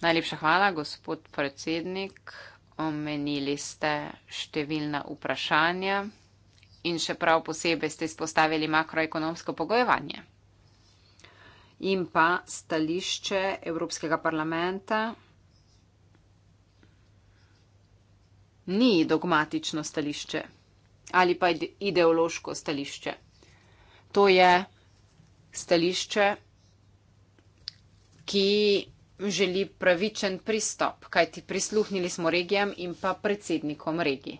S2: Najlepša hvala, gospod predsednik. Omenili ste številna vprašanja in še prav posebej ste izpostavili makroekonomsko pogojevanje in pa stališče Evropskega parlamenta. Ni dogmatično stališče ali pa ideološko stališče. To je stališče ki želi pravičen pristop, kajti prisluhnili smo regijam in pa predsednikom regij.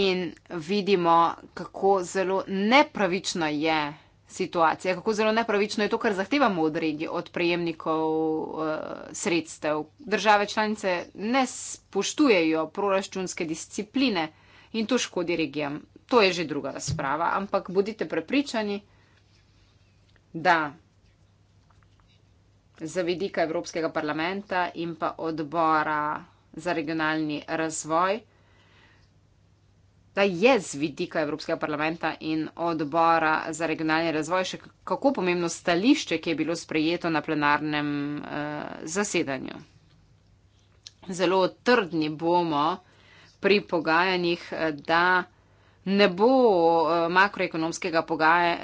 S2: In vidimo, kako zelo nepravična je situacija, kako zelo nepravično je to, kar zahtevamo od regij, od prejemnikov uh, sredstev. Države članice ne spoštujejo proračunske discipline in to škodi regijam. To je že druga razprava, ampak bodite prepričani, da da za vidika Evropskega parlamenta in pa odbora za regionalni razvoj, da je z vidika Evropskega parlamenta in odbora za regionalni razvoj še kako pomembno stališče, ki je bilo sprejeto na plenarnem uh, zasedanju. Zelo trdni bomo pri pogajanjih, eh, da ne bo eh, makroekonomskega, pogaje,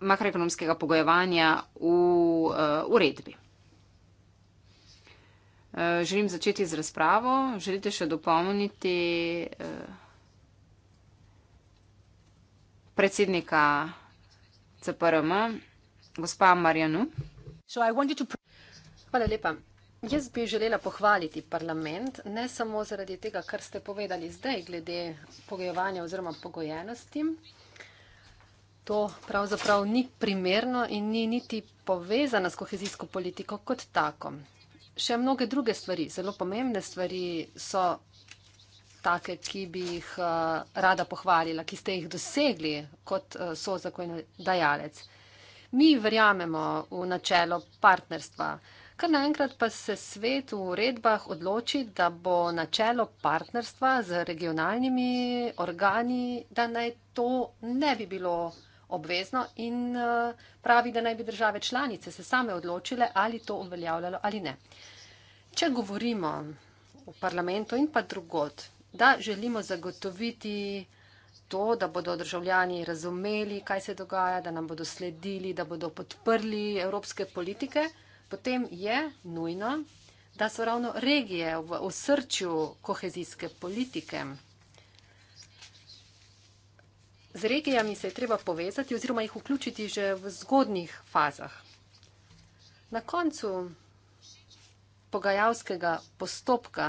S2: makroekonomskega pogojevanja v eh, uredbi. Eh, želim začeti z razpravo. Želite še dopolniti predsednika CPRM, gospa Marjanu?
S4: Hvala lepa. Jaz bi želela pohvaliti parlament, ne samo zaradi tega, kar ste povedali zdaj, glede pogojevanja oziroma pogojenosti. To pravzaprav ni primerno in ni niti povezana s kohezijsko politiko kot tako. Še mnoge druge stvari, zelo pomembne stvari so take, ki bi jih eh, rada pohvalila, ki ste jih dosegli kot eh, sozakonodajalec. Mi verjamemo v načelo partnerstva. Kar naenkrat pa se svet v uredbah odloči, da bo načelo partnerstva z regionalnimi organi, da naj to ne bi bilo obvezno in eh, pravi, da naj bi države članice se same odločile, ali to uveljavljalo ali ne. Če govorimo v parlamentu in pa drugod, da želimo zagotoviti to, da bodo državljani razumeli, kaj se dogaja, da nam bodo sledili, da bodo podprli evropske politike, potem je nujno, da so ravno regije v osrčju kohezijske politike. Z regijami se je treba povezati oziroma jih vključiti že v zgodnih fazah. Na koncu pogajalskega postopka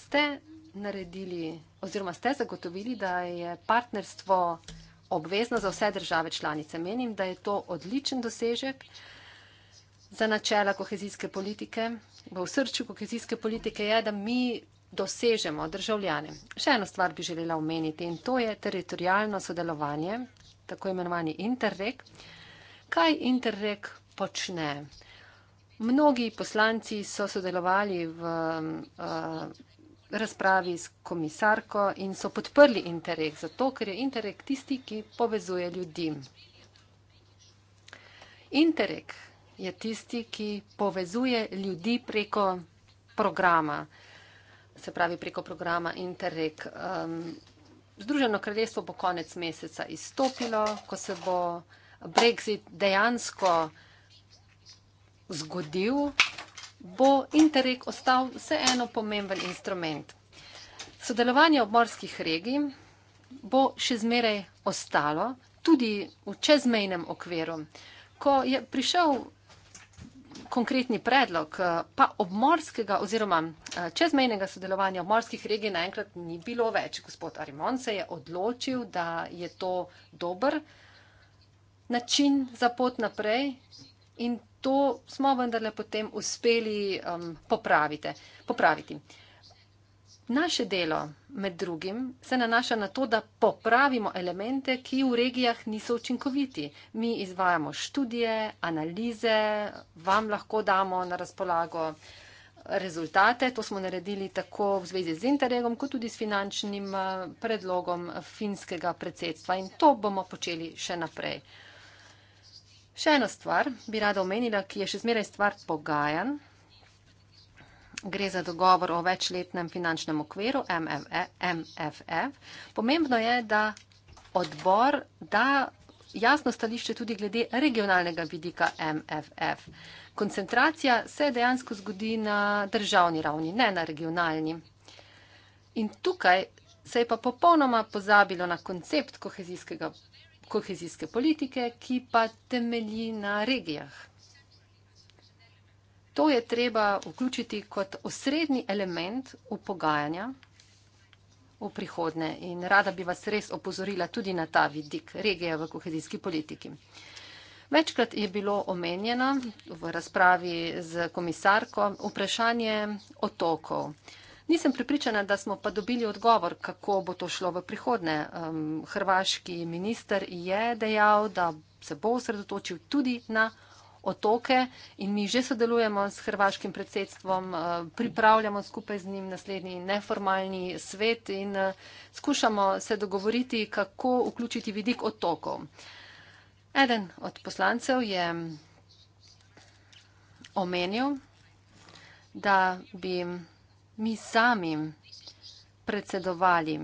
S4: ste naredili oziroma ste zagotovili, da je partnerstvo obvezno za vse države članice. Menim, da je to odličen dosežek za načela kohezijske politike, v srču kohezijske politike je, da mi dosežemo državljane. Še eno stvar bi želela omeniti in to je teritorijalno sodelovanje, tako imenovani Interreg. Kaj Interreg počne? Mnogi poslanci so sodelovali v um, uh, razpravi s komisarko in so podprli Interreg, zato ker je Interreg tisti, ki povezuje ljudi. Interreg je tisti, ki povezuje ljudi preko programa, se pravi preko programa Interreg. Um, Združeno kraljestvo bo konec meseca izstopilo, ko se bo Brexit dejansko zgodil, bo Interreg ostal vseeno pomemben instrument. Sodelovanje obmorskih regij bo še zmeraj ostalo, tudi v čezmejnem okviru. Ko je prišel konkretni predlog, eh, pa obmorskega oziroma eh, čezmejnega sodelovanja obmorskih regij naenkrat ni bilo več. Gospod Arimon se je odločil, da je to dober način za pot naprej in to smo vendarle potem uspeli um, popraviti. popraviti. Uh, Naše delo, med drugim, se nanaša na to, da popravimo elemente, ki v regijah niso učinkoviti. Mi izvajamo študije, analize, vam lahko damo na razpolago rezultate. To smo naredili tako v zvezi z interregom, kot tudi s finančnim eh, predlogom finskega predsedstva in to bomo počeli še naprej. Še eno stvar bi rada omenila, ki je še zmeraj stvar pogajanj. Gre za dogovor o večletnem finančnem okviru MFF. E, Pomembno je, da odbor da jasno stališče tudi glede regionalnega vidika MFF. Koncentracija se dejansko zgodi na državni ravni, ne na regionalni. In tukaj se je pa popolnoma pozabilo na koncept kohezijske politike, ki pa temelji na regijah. To je treba vključiti kot osrednji element v pogajanja v prihodne in rada bi vas res opozorila tudi na ta vidik regije v kohezijski politiki. Večkrat je bilo omenjeno v razpravi z komisarko vprašanje otokov. Nisem pripričana, da smo pa dobili odgovor, kako bo to šlo v prihodne. Um, hrvaški minister je dejal, da se bo osredotočil tudi na otokov otoke in mi že sodelujemo s hrvaškim predsedstvom, eh, pripravljamo skupaj z njim naslednji neformalni svet in eh, skušamo se dogovoriti, kako vključiti vidik otokov. Eden od poslancev je omenil, da bi mi sami predsedovali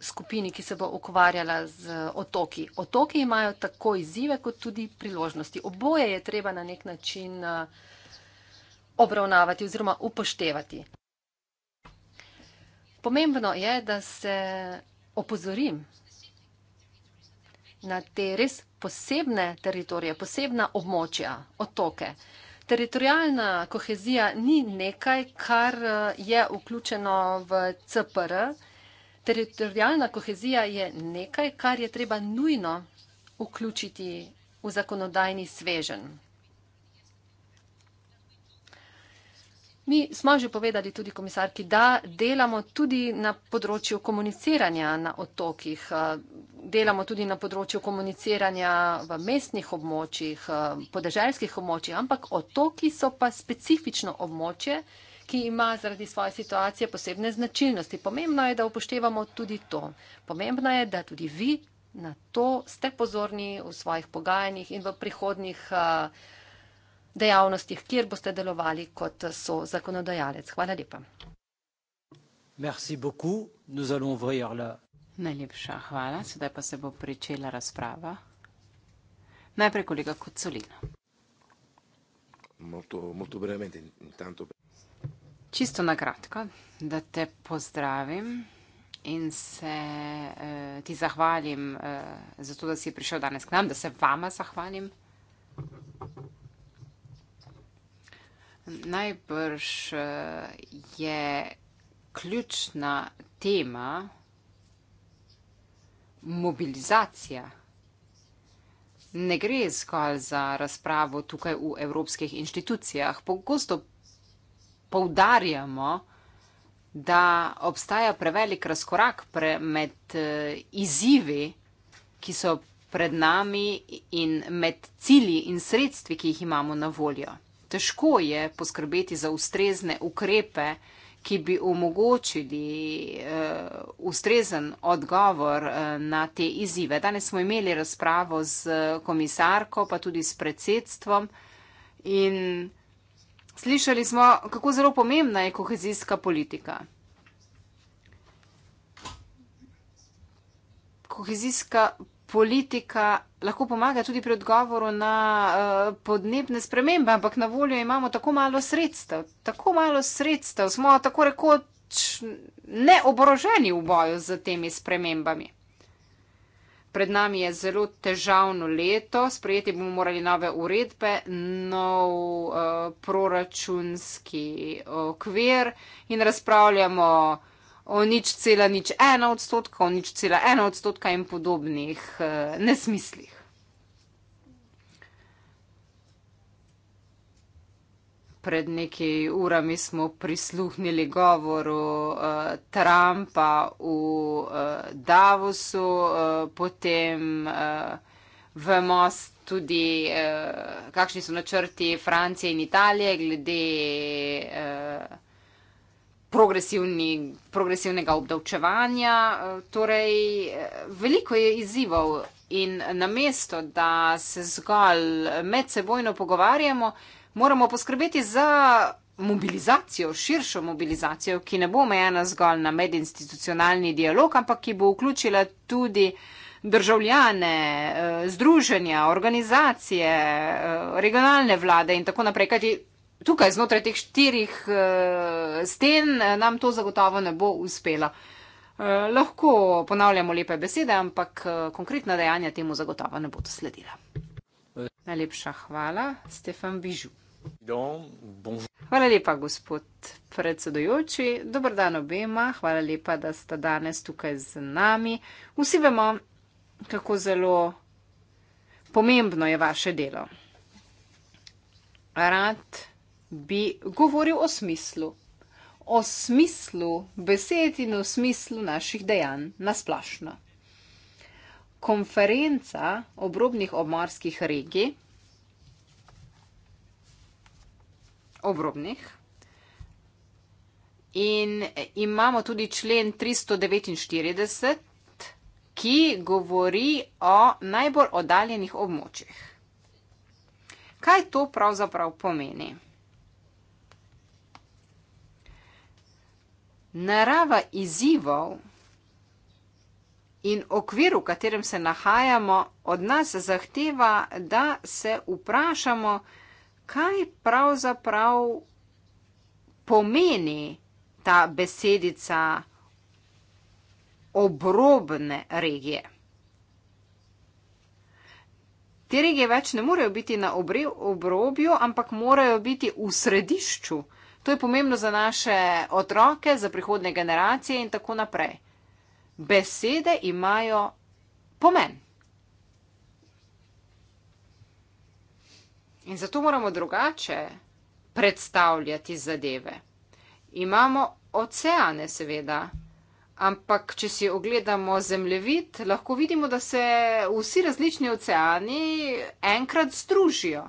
S4: skupini, ki se bo ukvarjala z eh, otoki. Otoki imajo tako izzive, kot tudi priložnosti. Oboje je treba na nek način eh, obravnavati oziroma upoštevati. Pomembno je, da se opozorim na te res posebne teritorije, posebna območja, otoke. Teritorijalna kohezija ni nekaj, kar eh, je vključeno v CPR. Teritorijalna kohezija je nekaj, kar je treba nujno vključiti v zakonodajni svežen. Mi smo že povedali tudi komisarki, da delamo tudi na področju komuniciranja na otokih, eh, delamo tudi na področju komuniciranja v mestnih območjih, eh, podeželjskih območjih, ampak otoki so pa specifično območje, ki ki ima zaradi svoje situacije posebne značilnosti. Pomembno je, da upoštevamo tudi to. Pomembno je, da tudi vi na to ste pozorni v svojih pogajanjih in v prihodnih eh, dejavnostih, kjer boste delovali kot so zakonodajalec. Hvala lepa.
S2: Najlepša hvala. Sedaj pa se bo pričela razprava. Najprej kolega Kocolina.
S4: Molto, molto brevemente, intanto.
S2: Čisto na kratko, da te pozdravim in se eh, ti zahvalim eh, za to, da si prišel danes k nam, da se vama zahvalim. Najbrž eh, je ključna tema mobilizacija. Ne gre zgolj za razpravo tukaj v evropskih inštitucijah. Pogosto poudarjamo, da obstaja prevelik razkorak pre, med eh, izzivi, ki so pred nami in med cilji in sredstvi, ki jih imamo na voljo. Težko je poskrbeti za ustrezne ukrepe, ki bi omogočili eh, ustrezen odgovor eh, na te izzive. Danes smo imeli razpravo z komisarko, pa tudi s predsedstvom in Slišali smo, kako zelo pomembna je kohezijska politika. Kohezijska politika lahko pomaga tudi pri odgovoru na eh, podnebne spremembe, ampak na voljo imamo tako malo sredstev. Tako malo sredstev smo tako rekoč neoboroženi v boju z temi spremembami. Pred nami je zelo težavno leto, sprejeti bomo morali nove uredbe, nov uh, proračunski okvir in razpravljamo o nič cela nič ena odstotka, o nič cela ena odstotka in podobnih uh, nesmislih. pred nekaj urami smo prisluhnili govoru uh, Trumpa v uh, Davosu, uh, potem uh, vemo tudi, uh, kakšni so načrti Francije in Italije glede uh, progresivnega obdavčevanja. Uh, torej, veliko je izzivov. In namesto, da se zgolj medsebojno pogovarjamo, uh, moramo poskrbeti za mobilizacijo, širšo mobilizacijo, ki ne bo omejena zgolj na medinstitucionalni dialog, ampak ki bo vključila tudi državljane, eh, združenja, organizacije, eh, regionalne vlade in tako naprej. Kajti tukaj znotraj teh štirih eh, sten nam to zagotovo ne bo uspelo. Lahko ponavljamo lepe besede, ampak konkretna dejanja temu zagotovo ne bodo sledila. Najlepša hvala, Stefan Bižu. Hvala lepa, gospod predsedojoči. Dobr dan obema. Hvala lepa, da ste danes tukaj z nami. Vsi vemo, kako zelo pomembno je vaše delo. Rad bi govoril o smislu. O smislu besed in o smislu naših dejanj nasplašno konferenca obrobnih obmorskih regij, obrobnih, in imamo tudi člen 349, ki govori o najbolj oddaljenih območjih. Kaj to pravzaprav pomeni? Narava izzivov in okvir, v katerem se nahajamo, od nas zahteva, da se vprašamo, kaj pravzaprav pomeni ta besedica obrobne regije. Te regije več ne morejo biti na obrobju, ampak morajo biti v središču. To je pomembno za naše otroke, za prihodne generacije in tako naprej besede imajo pomen. In zato moramo drugače predstavljati zadeve. Imamo oceane, seveda, ampak če si ogledamo zemljevid, lahko vidimo, da se vsi različni oceani enkrat združijo.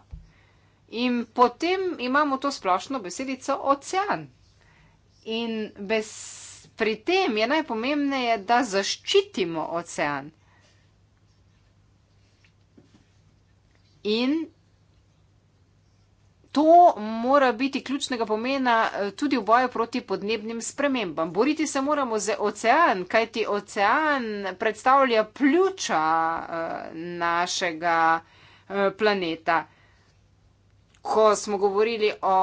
S2: In potem imamo to splošno besedico ocean. In besedica. Pri tem je najpomembnejše, da zaščitimo ocean. In to mora biti ključnega pomena eh, tudi v boju proti podnebnim spremembam. Boriti se moramo za ocean, kajti ocean predstavlja pljuča eh, našega eh, planeta ko smo govorili o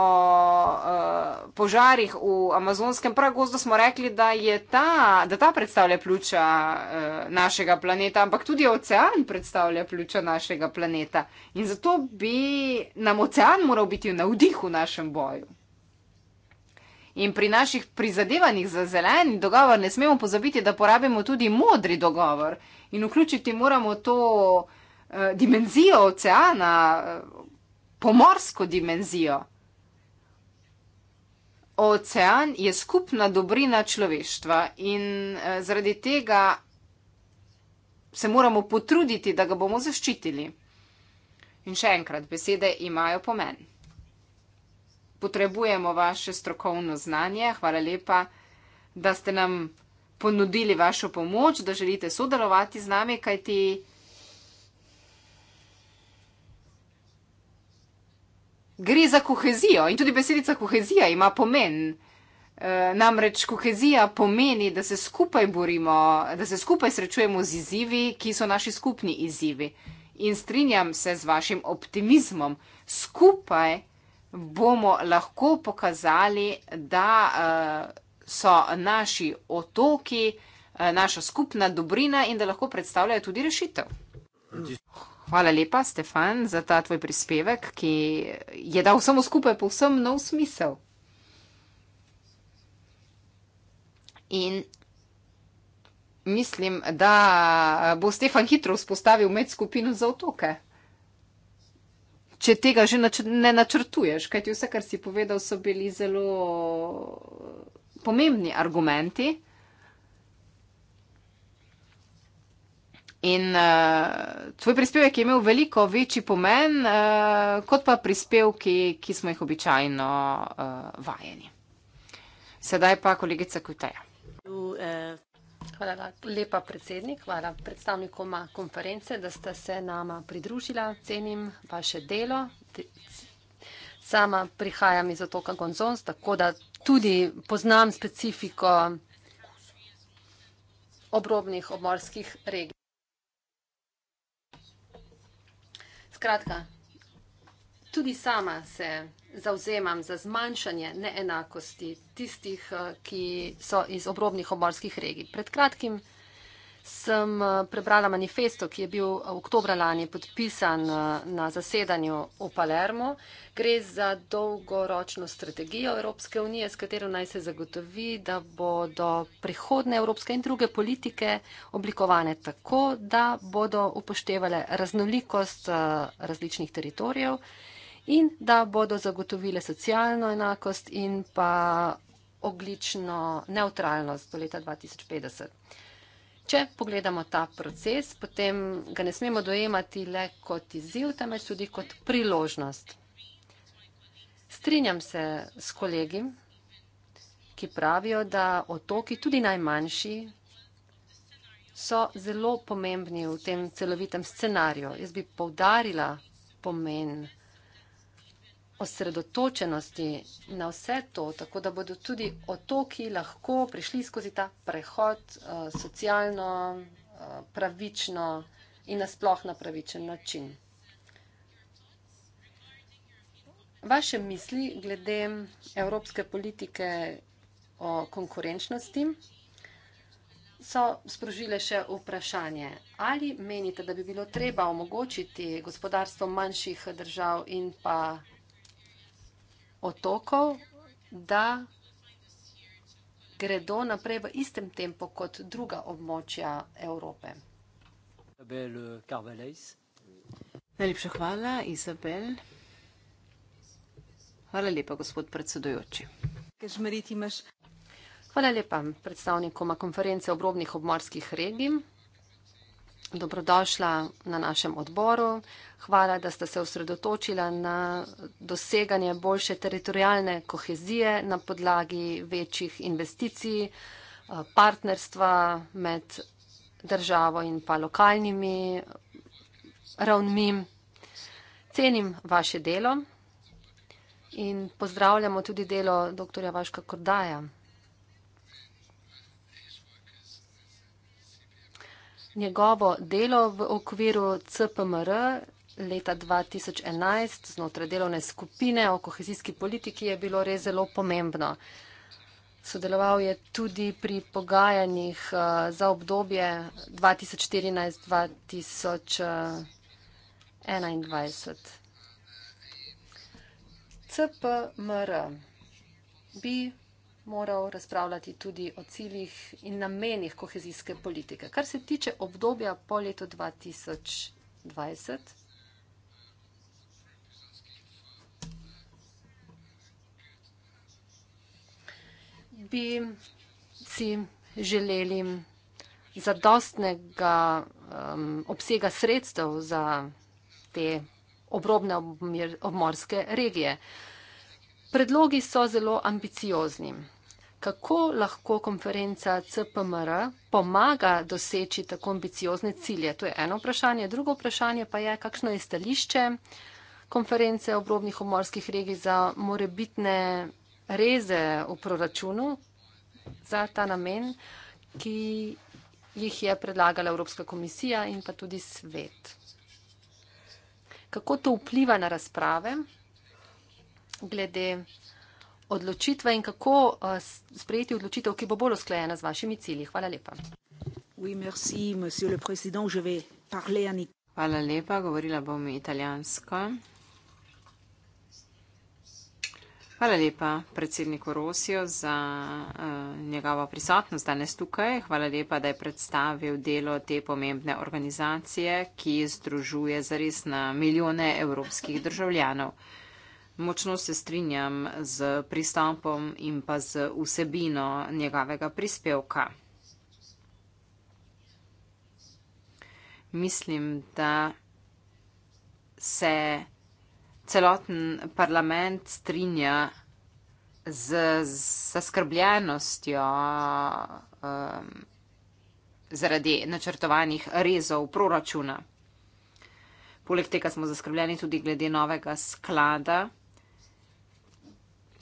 S2: uh, požarih v amazonskem pragozdu, smo rekli, da, ta, da ta predstavlja pljuča uh, našega planeta, ampak tudi ocean predstavlja pljuča našega planeta. In zato bi nam ocean moral biti na vdih v našem boju. In pri naših prizadevanjih za zelen dogovor ne smemo pozabiti, da porabimo tudi modri dogovor in vključiti moramo to uh, dimenzijo oceana. Uh, pomorsko dimenzijo. Ocean je skupna dobrina človeštva in eh, zaradi tega se moramo potruditi, da ga bomo zaščitili. In še enkrat, besede imajo pomen. Potrebujemo vaše strokovno znanje. Hvala lepa, da ste nam ponudili vašo pomoč, da želite sodelovati z nami, kajti. gre za kohezijo in tudi besedica kohezija ima pomen. E, namreč kohezija pomeni, da se skupaj borimo, da se skupaj srečujemo z izzivi, ki so naši skupni izzivi. In strinjam se z vašim optimizmom. Skupaj bomo lahko pokazali, da e, so naši otoki e, naša skupna dobrina in da lahko predstavljajo tudi rešitev. Hvala lepa, Stefan, za ta tvoj prispevek, ki je dal vsemu skupaj povsem nov smisel. In mislim, da bo Stefan hitro vzpostavil med skupino za otoke. Če tega že ne načrtuješ, kajti vse, kar si povedal, so bili zelo pomembni argumenti. In uh, tvoj prispevek je imel veliko večji pomen, uh, kot pa prispevki, ki smo jih običajno uh, vajeni. Sedaj pa kolegica Kutaja.
S4: Hvala lepa predsednik, hvala predstavnikoma konference, da sta se nama pridružila. Cenim vaše delo. Sama prihajam iz otoka Gonzons, tako da tudi poznam specifiko obrobnih obmorskih regij. Skratka, tudi sama se zauzemam za zmanjšanje neenakosti tistih, eh, ki so iz obrobnih obalskih regij. Pred kratkim sem eh, prebrala manifesto, ki je bil oktobra lani podpisan eh, na zasedanju v Palermo. Gre za dolgoročno strategijo Evropske unije, s katero naj se zagotovi, da bodo prihodne evropske in druge politike oblikovane tako, da bodo upoštevale raznolikost eh, različnih teritorijev in da bodo zagotovile socialno enakost in pa oglično neutralnost do leta 2050. Če pogledamo ta proces, potem ga ne smemo dojemati le kot izziv, temveč tudi kot priložnost. Strinjam se s kolegi, ki pravijo, da otoki, tudi najmanjši, so zelo pomembni v tem celovitem scenariju. Jaz bi povdarila pomen otokov osredotočenosti na vse to, tako da bodo tudi otoki lahko prišli skozi ta prehod eh, socialno, eh, pravično in nasploh na pravičen način. Vaše misli glede evropske politike o konkurenčnosti so sprožile še vprašanje. Ali menite, da bi bilo treba omogočiti gospodarstvo manjših držav in pa vsega, otokov, da gredo naprej v istem tempu kot druga območja Evrope. Najlepša hvala, Izabel.
S2: Hvala lepa, gospod predsedujoči.
S4: Hvala lepa predstavnikoma konference obrobnih obmorskih regij dobrodošla na našem odboru. Hvala, da ste se osredotočila na doseganje boljše teritorijalne kohezije na podlagi večjih investicij, eh, partnerstva med državo in pa lokalnimi eh, ravnmi. Cenim vaše delo in pozdravljamo tudi delo dr. Vaška Kordaja. njegovo delo v okviru CPMR leta 2011 znotraj delovne skupine o kohezijski politiki je bilo res zelo pomembno. Sodeloval je tudi pri pogajanjih eh, za obdobje 2014-2021. CPMR bi moral razpravljati tudi o ciljih in namenih kohezijske politike. Kar se tiče obdobja po letu 2020, bi si želeli zadostnega um, obsega sredstev za te obrobne obmorske regije. Predlogi so zelo ambiciozni kako lahko konferenca CPMR pomaga doseči tako ambiciozne cilje. To je eno vprašanje. Drugo vprašanje pa je, kakšno je stališče konference obrobnih obmorskih regij za morebitne reze v proračunu za ta namen, ki jih je predlagala Evropska komisija in pa tudi svet. Kako to vpliva na razprave glede odločitve in kako eh, sprejeti odločitev, ki bo bolj usklajena z vašimi cilji. Hvala lepa.
S2: Hvala lepa, govorila bom italijansko. Hvala lepa predsedniku Rosijo za uh, njegovo prisotnost danes tukaj. Hvala lepa, da je predstavil delo te pomembne organizacije, ki združuje zares na milijone evropskih državljanov. Močno se strinjam z pristopom in pa z vsebino njegovega prispevka. Mislim, da se celoten parlament strinja z zaskrbljenostjo um, zaradi načrtovanih rezov proračuna. Poleg tega smo zaskrbljeni tudi glede novega sklada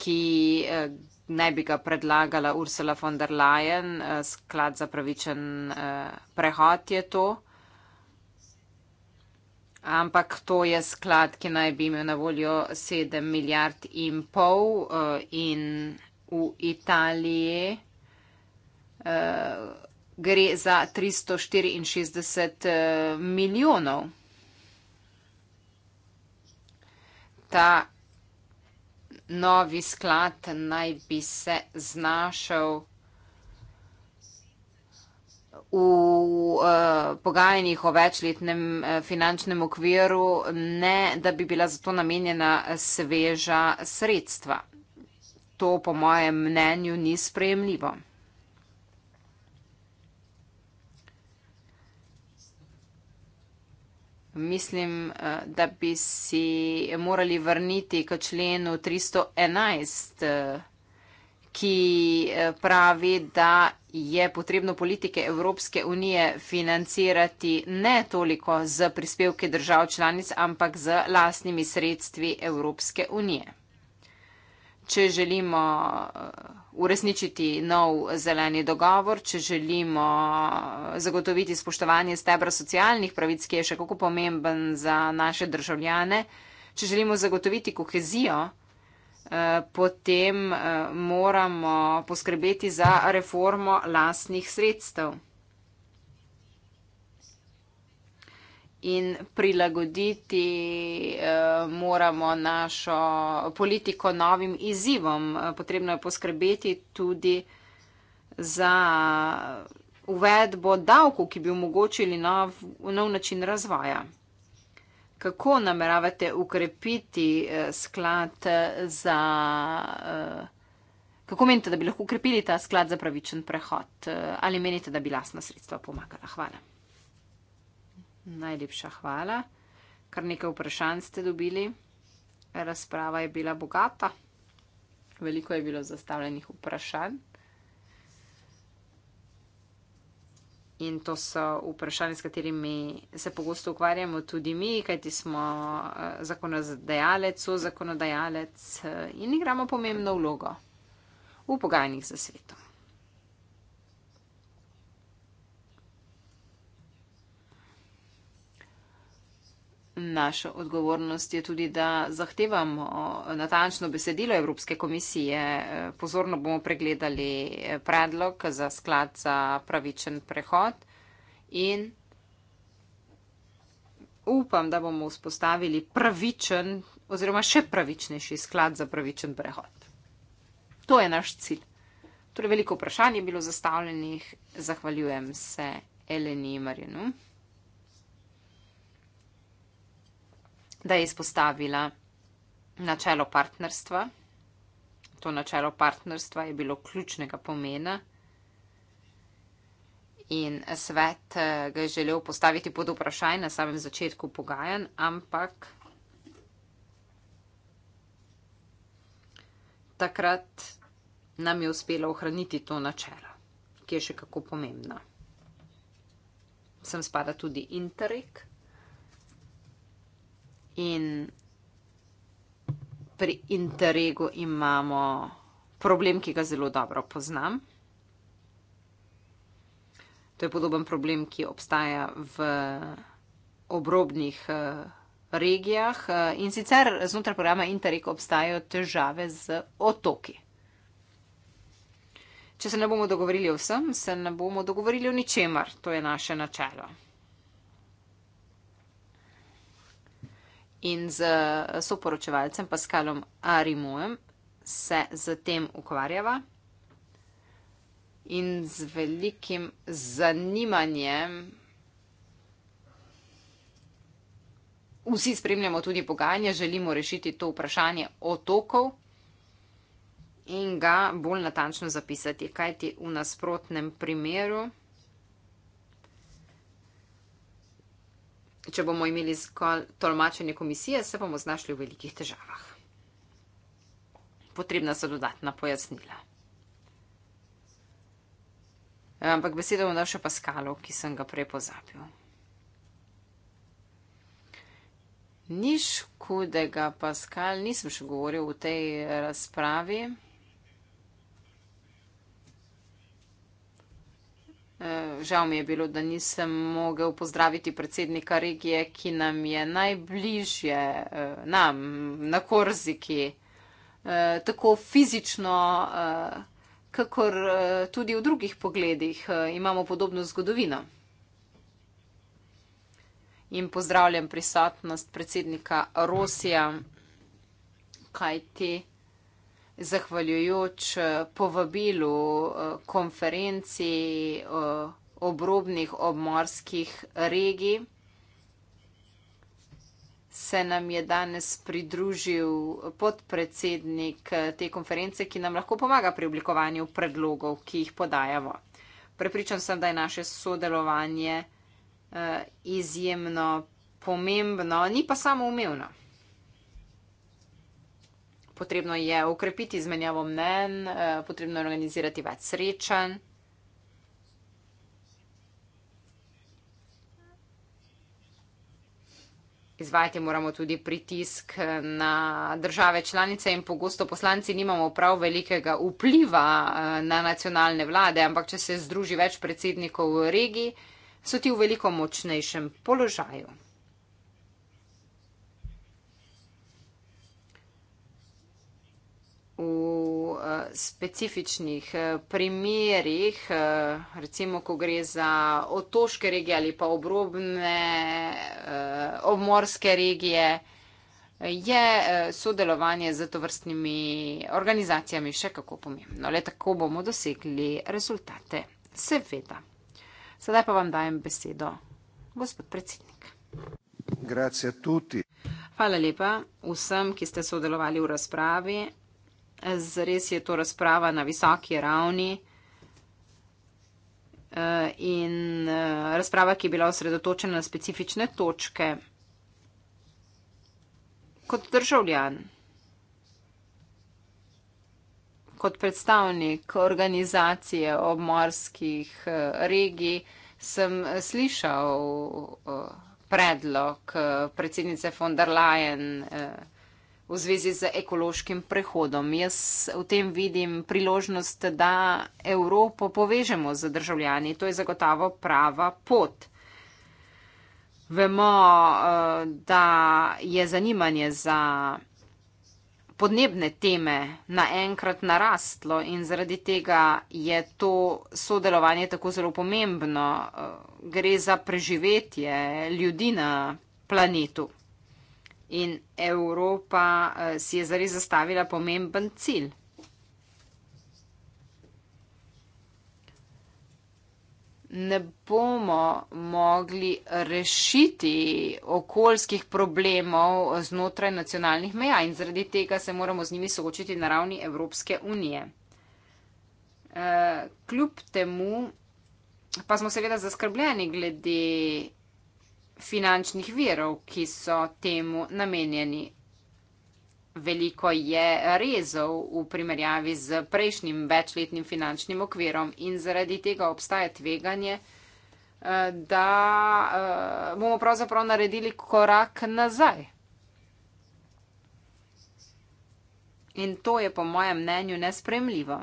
S2: ki eh, naj bi ga predlagala Ursula von der Leyen, eh, sklad za pravičen eh, prehod je to. Ampak to je sklad, ki naj bi imel na voljo 7 milijard in pol in v Italiji gre za 364 milijonov. Ta novi sklad naj bi se znašel v eh, pogajanjih o večletnem eh, finančnem okviru, ne da bi bila zato namenjena sveža sredstva. To po mojem mnenju ni spremljivo. Mislim, eh, da bi si morali vrniti k členu 311, eh, ki eh, pravi, da je potrebno politike Evropske unije financirati ne toliko z prispevke držav članic, ampak z lastnimi sredstvi Evropske unije če želimo eh, uresničiti nov zeleni dogovor, če želimo eh, zagotoviti spoštovanje stebra socialnih pravic, ki je še kako pomemben za naše državljane, če želimo zagotoviti kohezijo, eh, potem moramo poskrbeti za reformo lastnih sredstev. in prilagoditi eh, moramo našo politiko novim izzivom. Potrebno je poskrbeti tudi za uvedbo davku, ki bi omogočili nov, nov način razvoja. Kako nameravate ukrepiti eh, sklad za. Eh, kako menite, da bi lahko ukrepili ta sklad za pravičen prehod? Ali menite, da bi lasna sredstva pomagala? Hvala. Najlepša hvala. Kar nekaj vprašanj ste dobili. Razprava je bila bogata. Veliko je bilo zastavljenih vprašanj. In to so vprašanja, s katerimi se pogosto ukvarjamo tudi mi, kajti smo eh, zakonodajalec, so zakonodajalec eh, in igramo pomembno vlogo v pogajanjih za svetom. naša odgovornost je tudi, da zahtevamo eh, natančno besedilo Evropske komisije. Eh, pozorno bomo pregledali eh, predlog za sklad za pravičen prehod in upam, da bomo vzpostavili pravičen oziroma še pravičnejši sklad za pravičen prehod. To je naš cilj. Torej, veliko vprašanj je bilo zastavljenih. Zahvaljujem se Eleni Marjanu. da je izpostavila načelo partnerstva. To načelo partnerstva je bilo ključnega pomena in svet eh, ga je želel postaviti pod vprašaj na samem začetku pogajanj, ampak takrat nam je uspelo ohraniti to načelo, ki je še kako pomembno. Sem spada tudi Interreg. In pri interregu imamo problem, ki ga zelo dobro poznam. To je podoben problem, ki obstaja v obrobnih eh, regijah. Eh, in sicer znotraj programa Interreg obstajajo težave z otoki. Če se ne bomo dogovorili o vsem, se ne bomo dogovorili o ničemer. To je naše načelo. in z eh, soporočevalcem Paskalom Arimujem se zatem ukvarjava. In z velikim zanimanjem vsi spremljamo tudi pogajanje, želimo rešiti to vprašanje otokov in ga bolj natančno zapisati, kajti v nasprotnem primeru. če bomo imeli zgolj tolmačenje komisije, se bomo znašli v velikih težavah. Potrebna so dodatna pojasnila. Ampak besedo bom dal še Paskalu, ki sem ga prej pozabil. Niš kudega, Paskal, nisem še govoril v tej razpravi. Eh, žal mi je bilo, da nisem mogel pozdraviti predsednika regije, ki nam je najbližje, eh, nam, na Korziki, eh, tako fizično, kakor tudi v drugih pogledih imamo podobno zgodovino. In pozdravljam prisotnost predsednika Rosija, kaj ti zahvaljujoč eh, povabilu eh, konferenci eh, obrobnih obmorskih regij. Se nam je danes pridružil podpredsednik te konference, ki nam lahko pomaga pri oblikovanju predlogov, ki jih podajamo. Prepričan sem, da je naše sodelovanje izjemno pomembno, ni pa samo umevno potrebno je ukrepiti izmenjavo mnen, eh, potrebno je organizirati več srečanj. Izvajati moramo tudi pritisk eh, na države članice in pogosto poslanci nimamo prav velikega vpliva eh, na nacionalne vlade, ampak če se združi več predsednikov v regiji, so ti v veliko močnejšem položaju. v eh, specifičnih eh, primerjih, eh, recimo, ko gre za otoške regije ali pa obrobne obmorske regije, je sodelovanje z tovrstnimi organizacijami še kako pomembno. Le tako bomo dosegli rezultate. Seveda. Sedaj pa vam dajem besedo, gospod predsednik. Hvala lepa vsem, ki ste sodelovali v razpravi. Zares je to razprava na visoki ravni eh, in eh, razprava, ki je bila osredotočena na specifične točke. Kot državljan, kot predstavnik organizacije obmorskih eh, regij, sem slišal predlog predsednice von der Leyen v zvezi z ekološkim prehodom. Jaz v tem vidim priložnost, da Evropo povežemo z državljani. To je zagotovo prava pot. Vemo, eh, da je zanimanje za podnebne teme naenkrat narastlo in zaradi tega je to sodelovanje tako zelo pomembno. Eh, gre za preživetje ljudi na planetu in Evropa eh, si je zares zastavila pomemben cilj. Ne bomo mogli rešiti okoljskih problemov znotraj nacionalnih meja in zaradi tega se moramo z njimi soočiti na ravni Evropske unije. Eh, kljub temu pa smo seveda zaskrbljeni glede finančnih virov, ki so temu namenjeni. Veliko je rezov v primerjavi z prejšnjim večletnim finančnim okvirom in zaradi tega obstaja tveganje, eh, da eh, bomo pravzaprav naredili korak nazaj. In to je po mojem mnenju nespremljivo.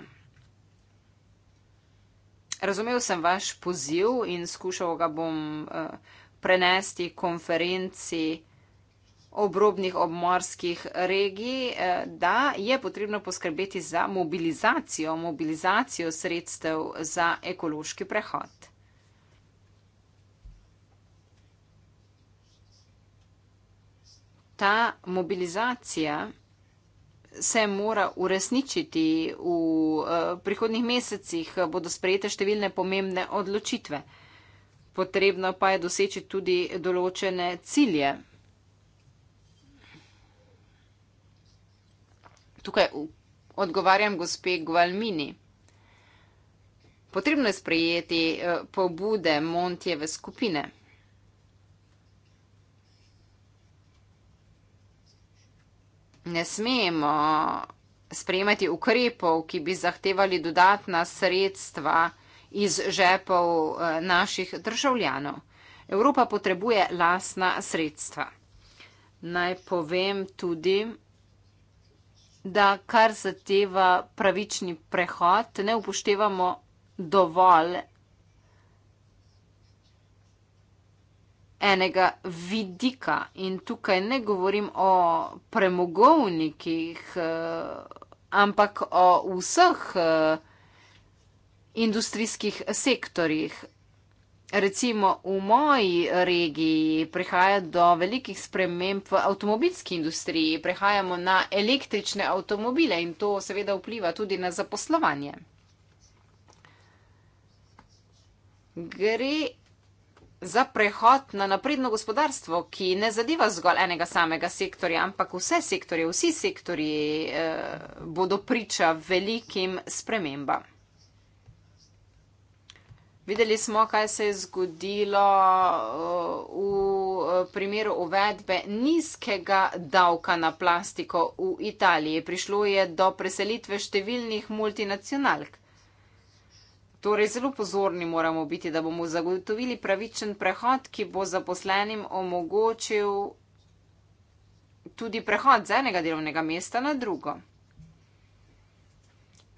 S2: Razumel sem vaš poziv in skušal ga bom uh, prenesti konferenci obrobnih obmorskih regij, eh, da je potrebno poskrbeti za mobilizacijo, mobilizacijo sredstev za ekološki prehod. Ta mobilizacija se mora uresničiti v eh, prihodnih mesecih, bodo sprejete številne pomembne odločitve potrebno pa je doseči tudi določene cilje. Tukaj odgovarjam gospe Gvalmini. Potrebno je sprejeti eh, pobude Montjeve skupine. Ne smemo sprejemati ukrepov, ki bi zahtevali dodatna sredstva, iz žepov eh, naših državljanov. Evropa potrebuje lasna sredstva. Naj povem tudi, da kar zateva pravični prehod, ne upoštevamo dovolj enega vidika in tukaj ne govorim o premogovnikih, eh, ampak o vseh vsega, eh, industrijskih sektorjih. Recimo v moji regiji prihaja do velikih sprememb v avtomobilski industriji. Prehajamo na električne avtomobile in to seveda vpliva tudi na zaposlovanje. Gre za prehod na napredno gospodarstvo, ki ne zadeva zgolj enega samega sektorja, ampak vse sektorje, vsi sektorji eh, bodo priča velikim spremembam. Videli smo, kaj se je zgodilo uh, v eh, primeru uvedbe nizkega davka na plastiko v Italiji. Prišlo je do preselitve številnih multinacionalk. Torej, zelo pozorni moramo biti, da bomo zagotovili pravičen prehod, ki bo zaposlenim omogočil tudi prehod z enega delovnega mesta na drugo.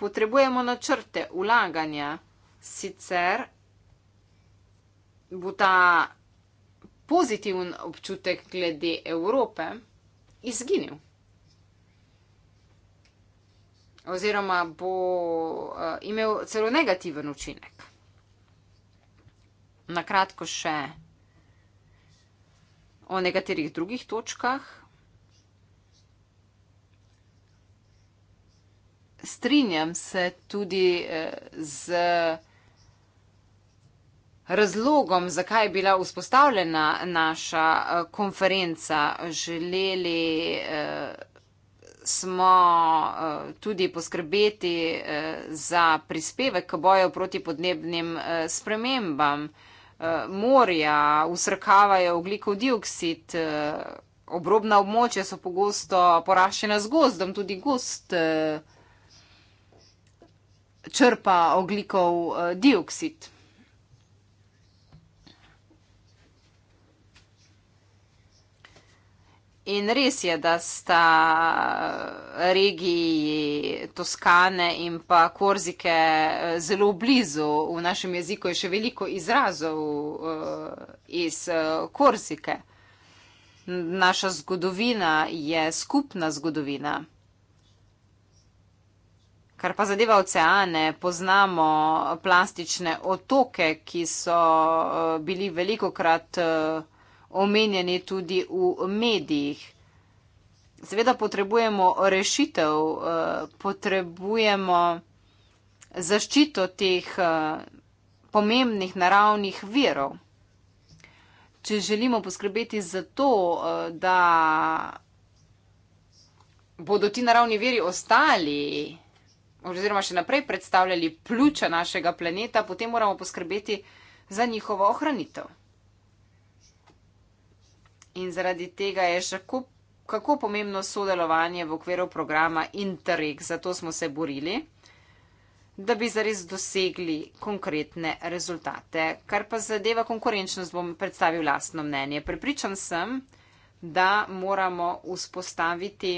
S2: Potrebujemo načrte, ulaganja, sicer bo ta pozitiven občutek glede Evrope izginil. Oziroma bo uh, imel celo negativen učinek. Na kratko še o nekaterih drugih točkah. Strinjam se tudi uh, z razlogom, zakaj je bila vzpostavljena naša eh, konferenca, želeli eh, smo eh, tudi poskrbeti za prispevek k boju proti podnebnim spremembam. Morja usrkavajo oglikov dioksid, obrobna območja so pogosto poraščena z gozdom, tudi gost črpa oglikov dioksid. In res je, da sta regiji Toskane in pa Korzike eh, zelo blizu. V našem jeziku je še veliko izrazov eh, iz eh, Korzike. Naša zgodovina je skupna zgodovina. Kar pa zadeva oceane, poznamo plastične otoke, ki so bili veliko krat omenjeni tudi v medijih. Seveda potrebujemo rešitev, eh, potrebujemo zaščito teh eh, pomembnih naravnih virov. Če želimo poskrbeti za to, eh, da bodo ti naravni veri ostali oziroma še naprej predstavljali pljuča našega planeta, potem moramo poskrbeti za njihovo ohranitev in zaradi tega je še kako, kako pomembno sodelovanje v okviru programa Interreg, zato smo se borili da bi zares dosegli konkretne rezultate. Kar pa zadeva konkurenčnost, bom predstavil lastno mnenje. Prepričan sem, da moramo vzpostaviti,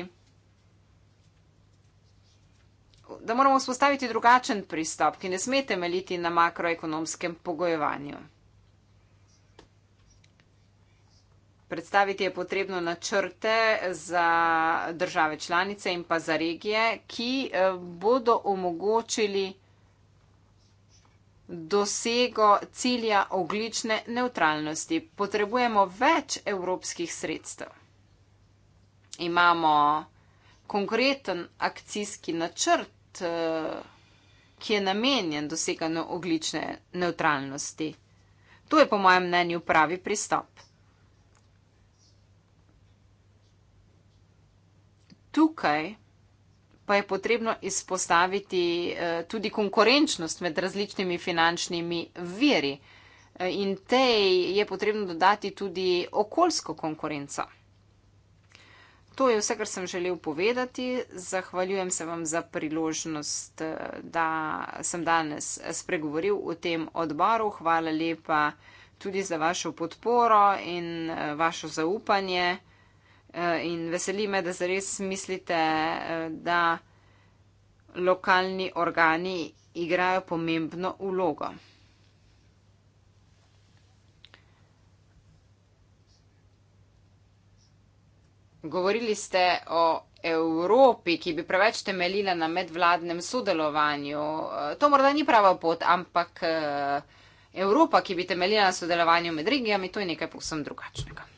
S2: da moramo vzpostaviti drugačen pristop, ki ne sme temeljiti na makroekonomskem pogojevanju. Predstaviti je potrebno načrte za države članice in pa za regije, ki eh, bodo omogočili dosego cilja oglične neutralnosti. Potrebujemo več evropskih sredstev. Imamo konkreten akcijski načrt, eh, ki je namenjen doseganju oglične neutralnosti. To je po mojem mnenju pravi pristop. tukaj pa je potrebno izpostaviti eh, tudi konkurenčnost med različnimi finančnimi viri eh, in tej je potrebno dodati tudi okoljsko konkurenco. To je vse, kar sem želel povedati. Zahvaljujem se vam za priložnost, eh, da sem danes spregovoril v tem odboru. Hvala lepa tudi za vašo podporo in vašo zaupanje. Eh, in veseli me, da zares mislite, eh, da lokalni organi igrajo pomembno vlogo. Govorili ste o Evropi, ki bi preveč temeljila na medvladnem sodelovanju. Eh, to morda ni prava pot, ampak Evropa, ki bi temeljila na sodelovanju med regijami, to je nekaj
S1: povsem drugačnega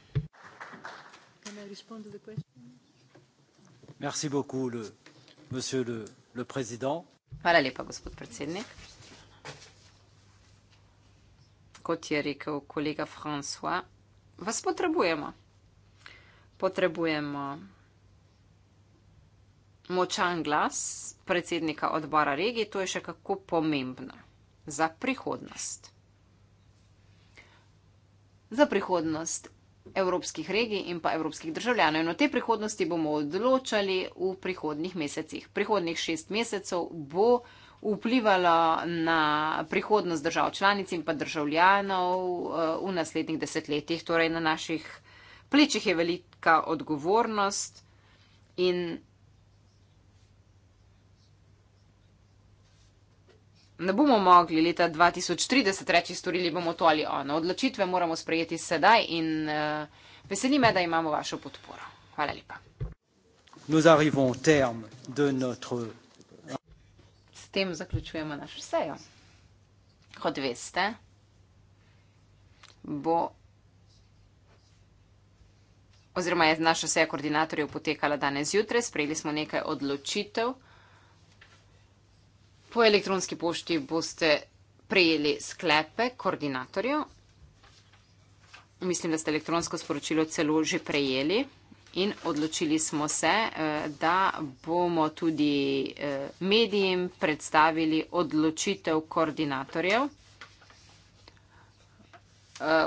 S4: respond to the question?
S1: Merci beaucoup, le, Monsieur le, le Président. Hvala lepa, gospod predsednik.
S2: Kot je rekel kolega François, vas potrebujemo. Potrebujemo močan glas predsednika odbora regije, to je še kako pomembno za prihodnost. Za prihodnost evropskih regij in pa evropskih državljanov. In o tej prihodnosti bomo odločali v prihodnih mesecih. Prihodnih šest mesecev bo vplivalo na prihodnost držav članic in pa državljanov eh, v naslednjih desetletjih. Torej na naših plečih je velika odgovornost in ne bomo mogli leta 2030 reči, storili bomo to ali ono. Odločitve moramo sprejeti sedaj in uh, veseli me, da imamo vašo podporo. Hvala lepa. S tem zaključujemo našo sejo. Kot veste, bo. Oziroma je naša seja koordinatorjev potekala danes zjutraj, sprejeli smo nekaj odločitev. Po elektronski pošti boste prejeli sklepe koordinatorju. Mislim, da ste elektronsko sporočilo celo že prejeli in odločili smo se, eh, da bomo tudi eh, medijem predstavili odločitev koordinatorjev. Eh,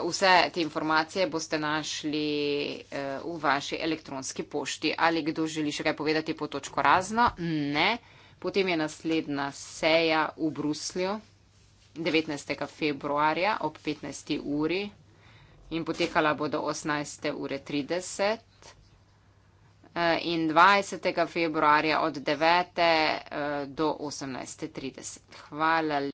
S2: vse te informacije boste našli v vaši elektronski pošti. Ali kdo želi še kaj povedati po točko razno? Ne. Ne. Potem je naslednja seja v Bruslju 19. februarja ob 15. uri in potekala bo do 18. ure 30. Eh, in 20. februarja od 9. Eh, do 18.30. Hvala.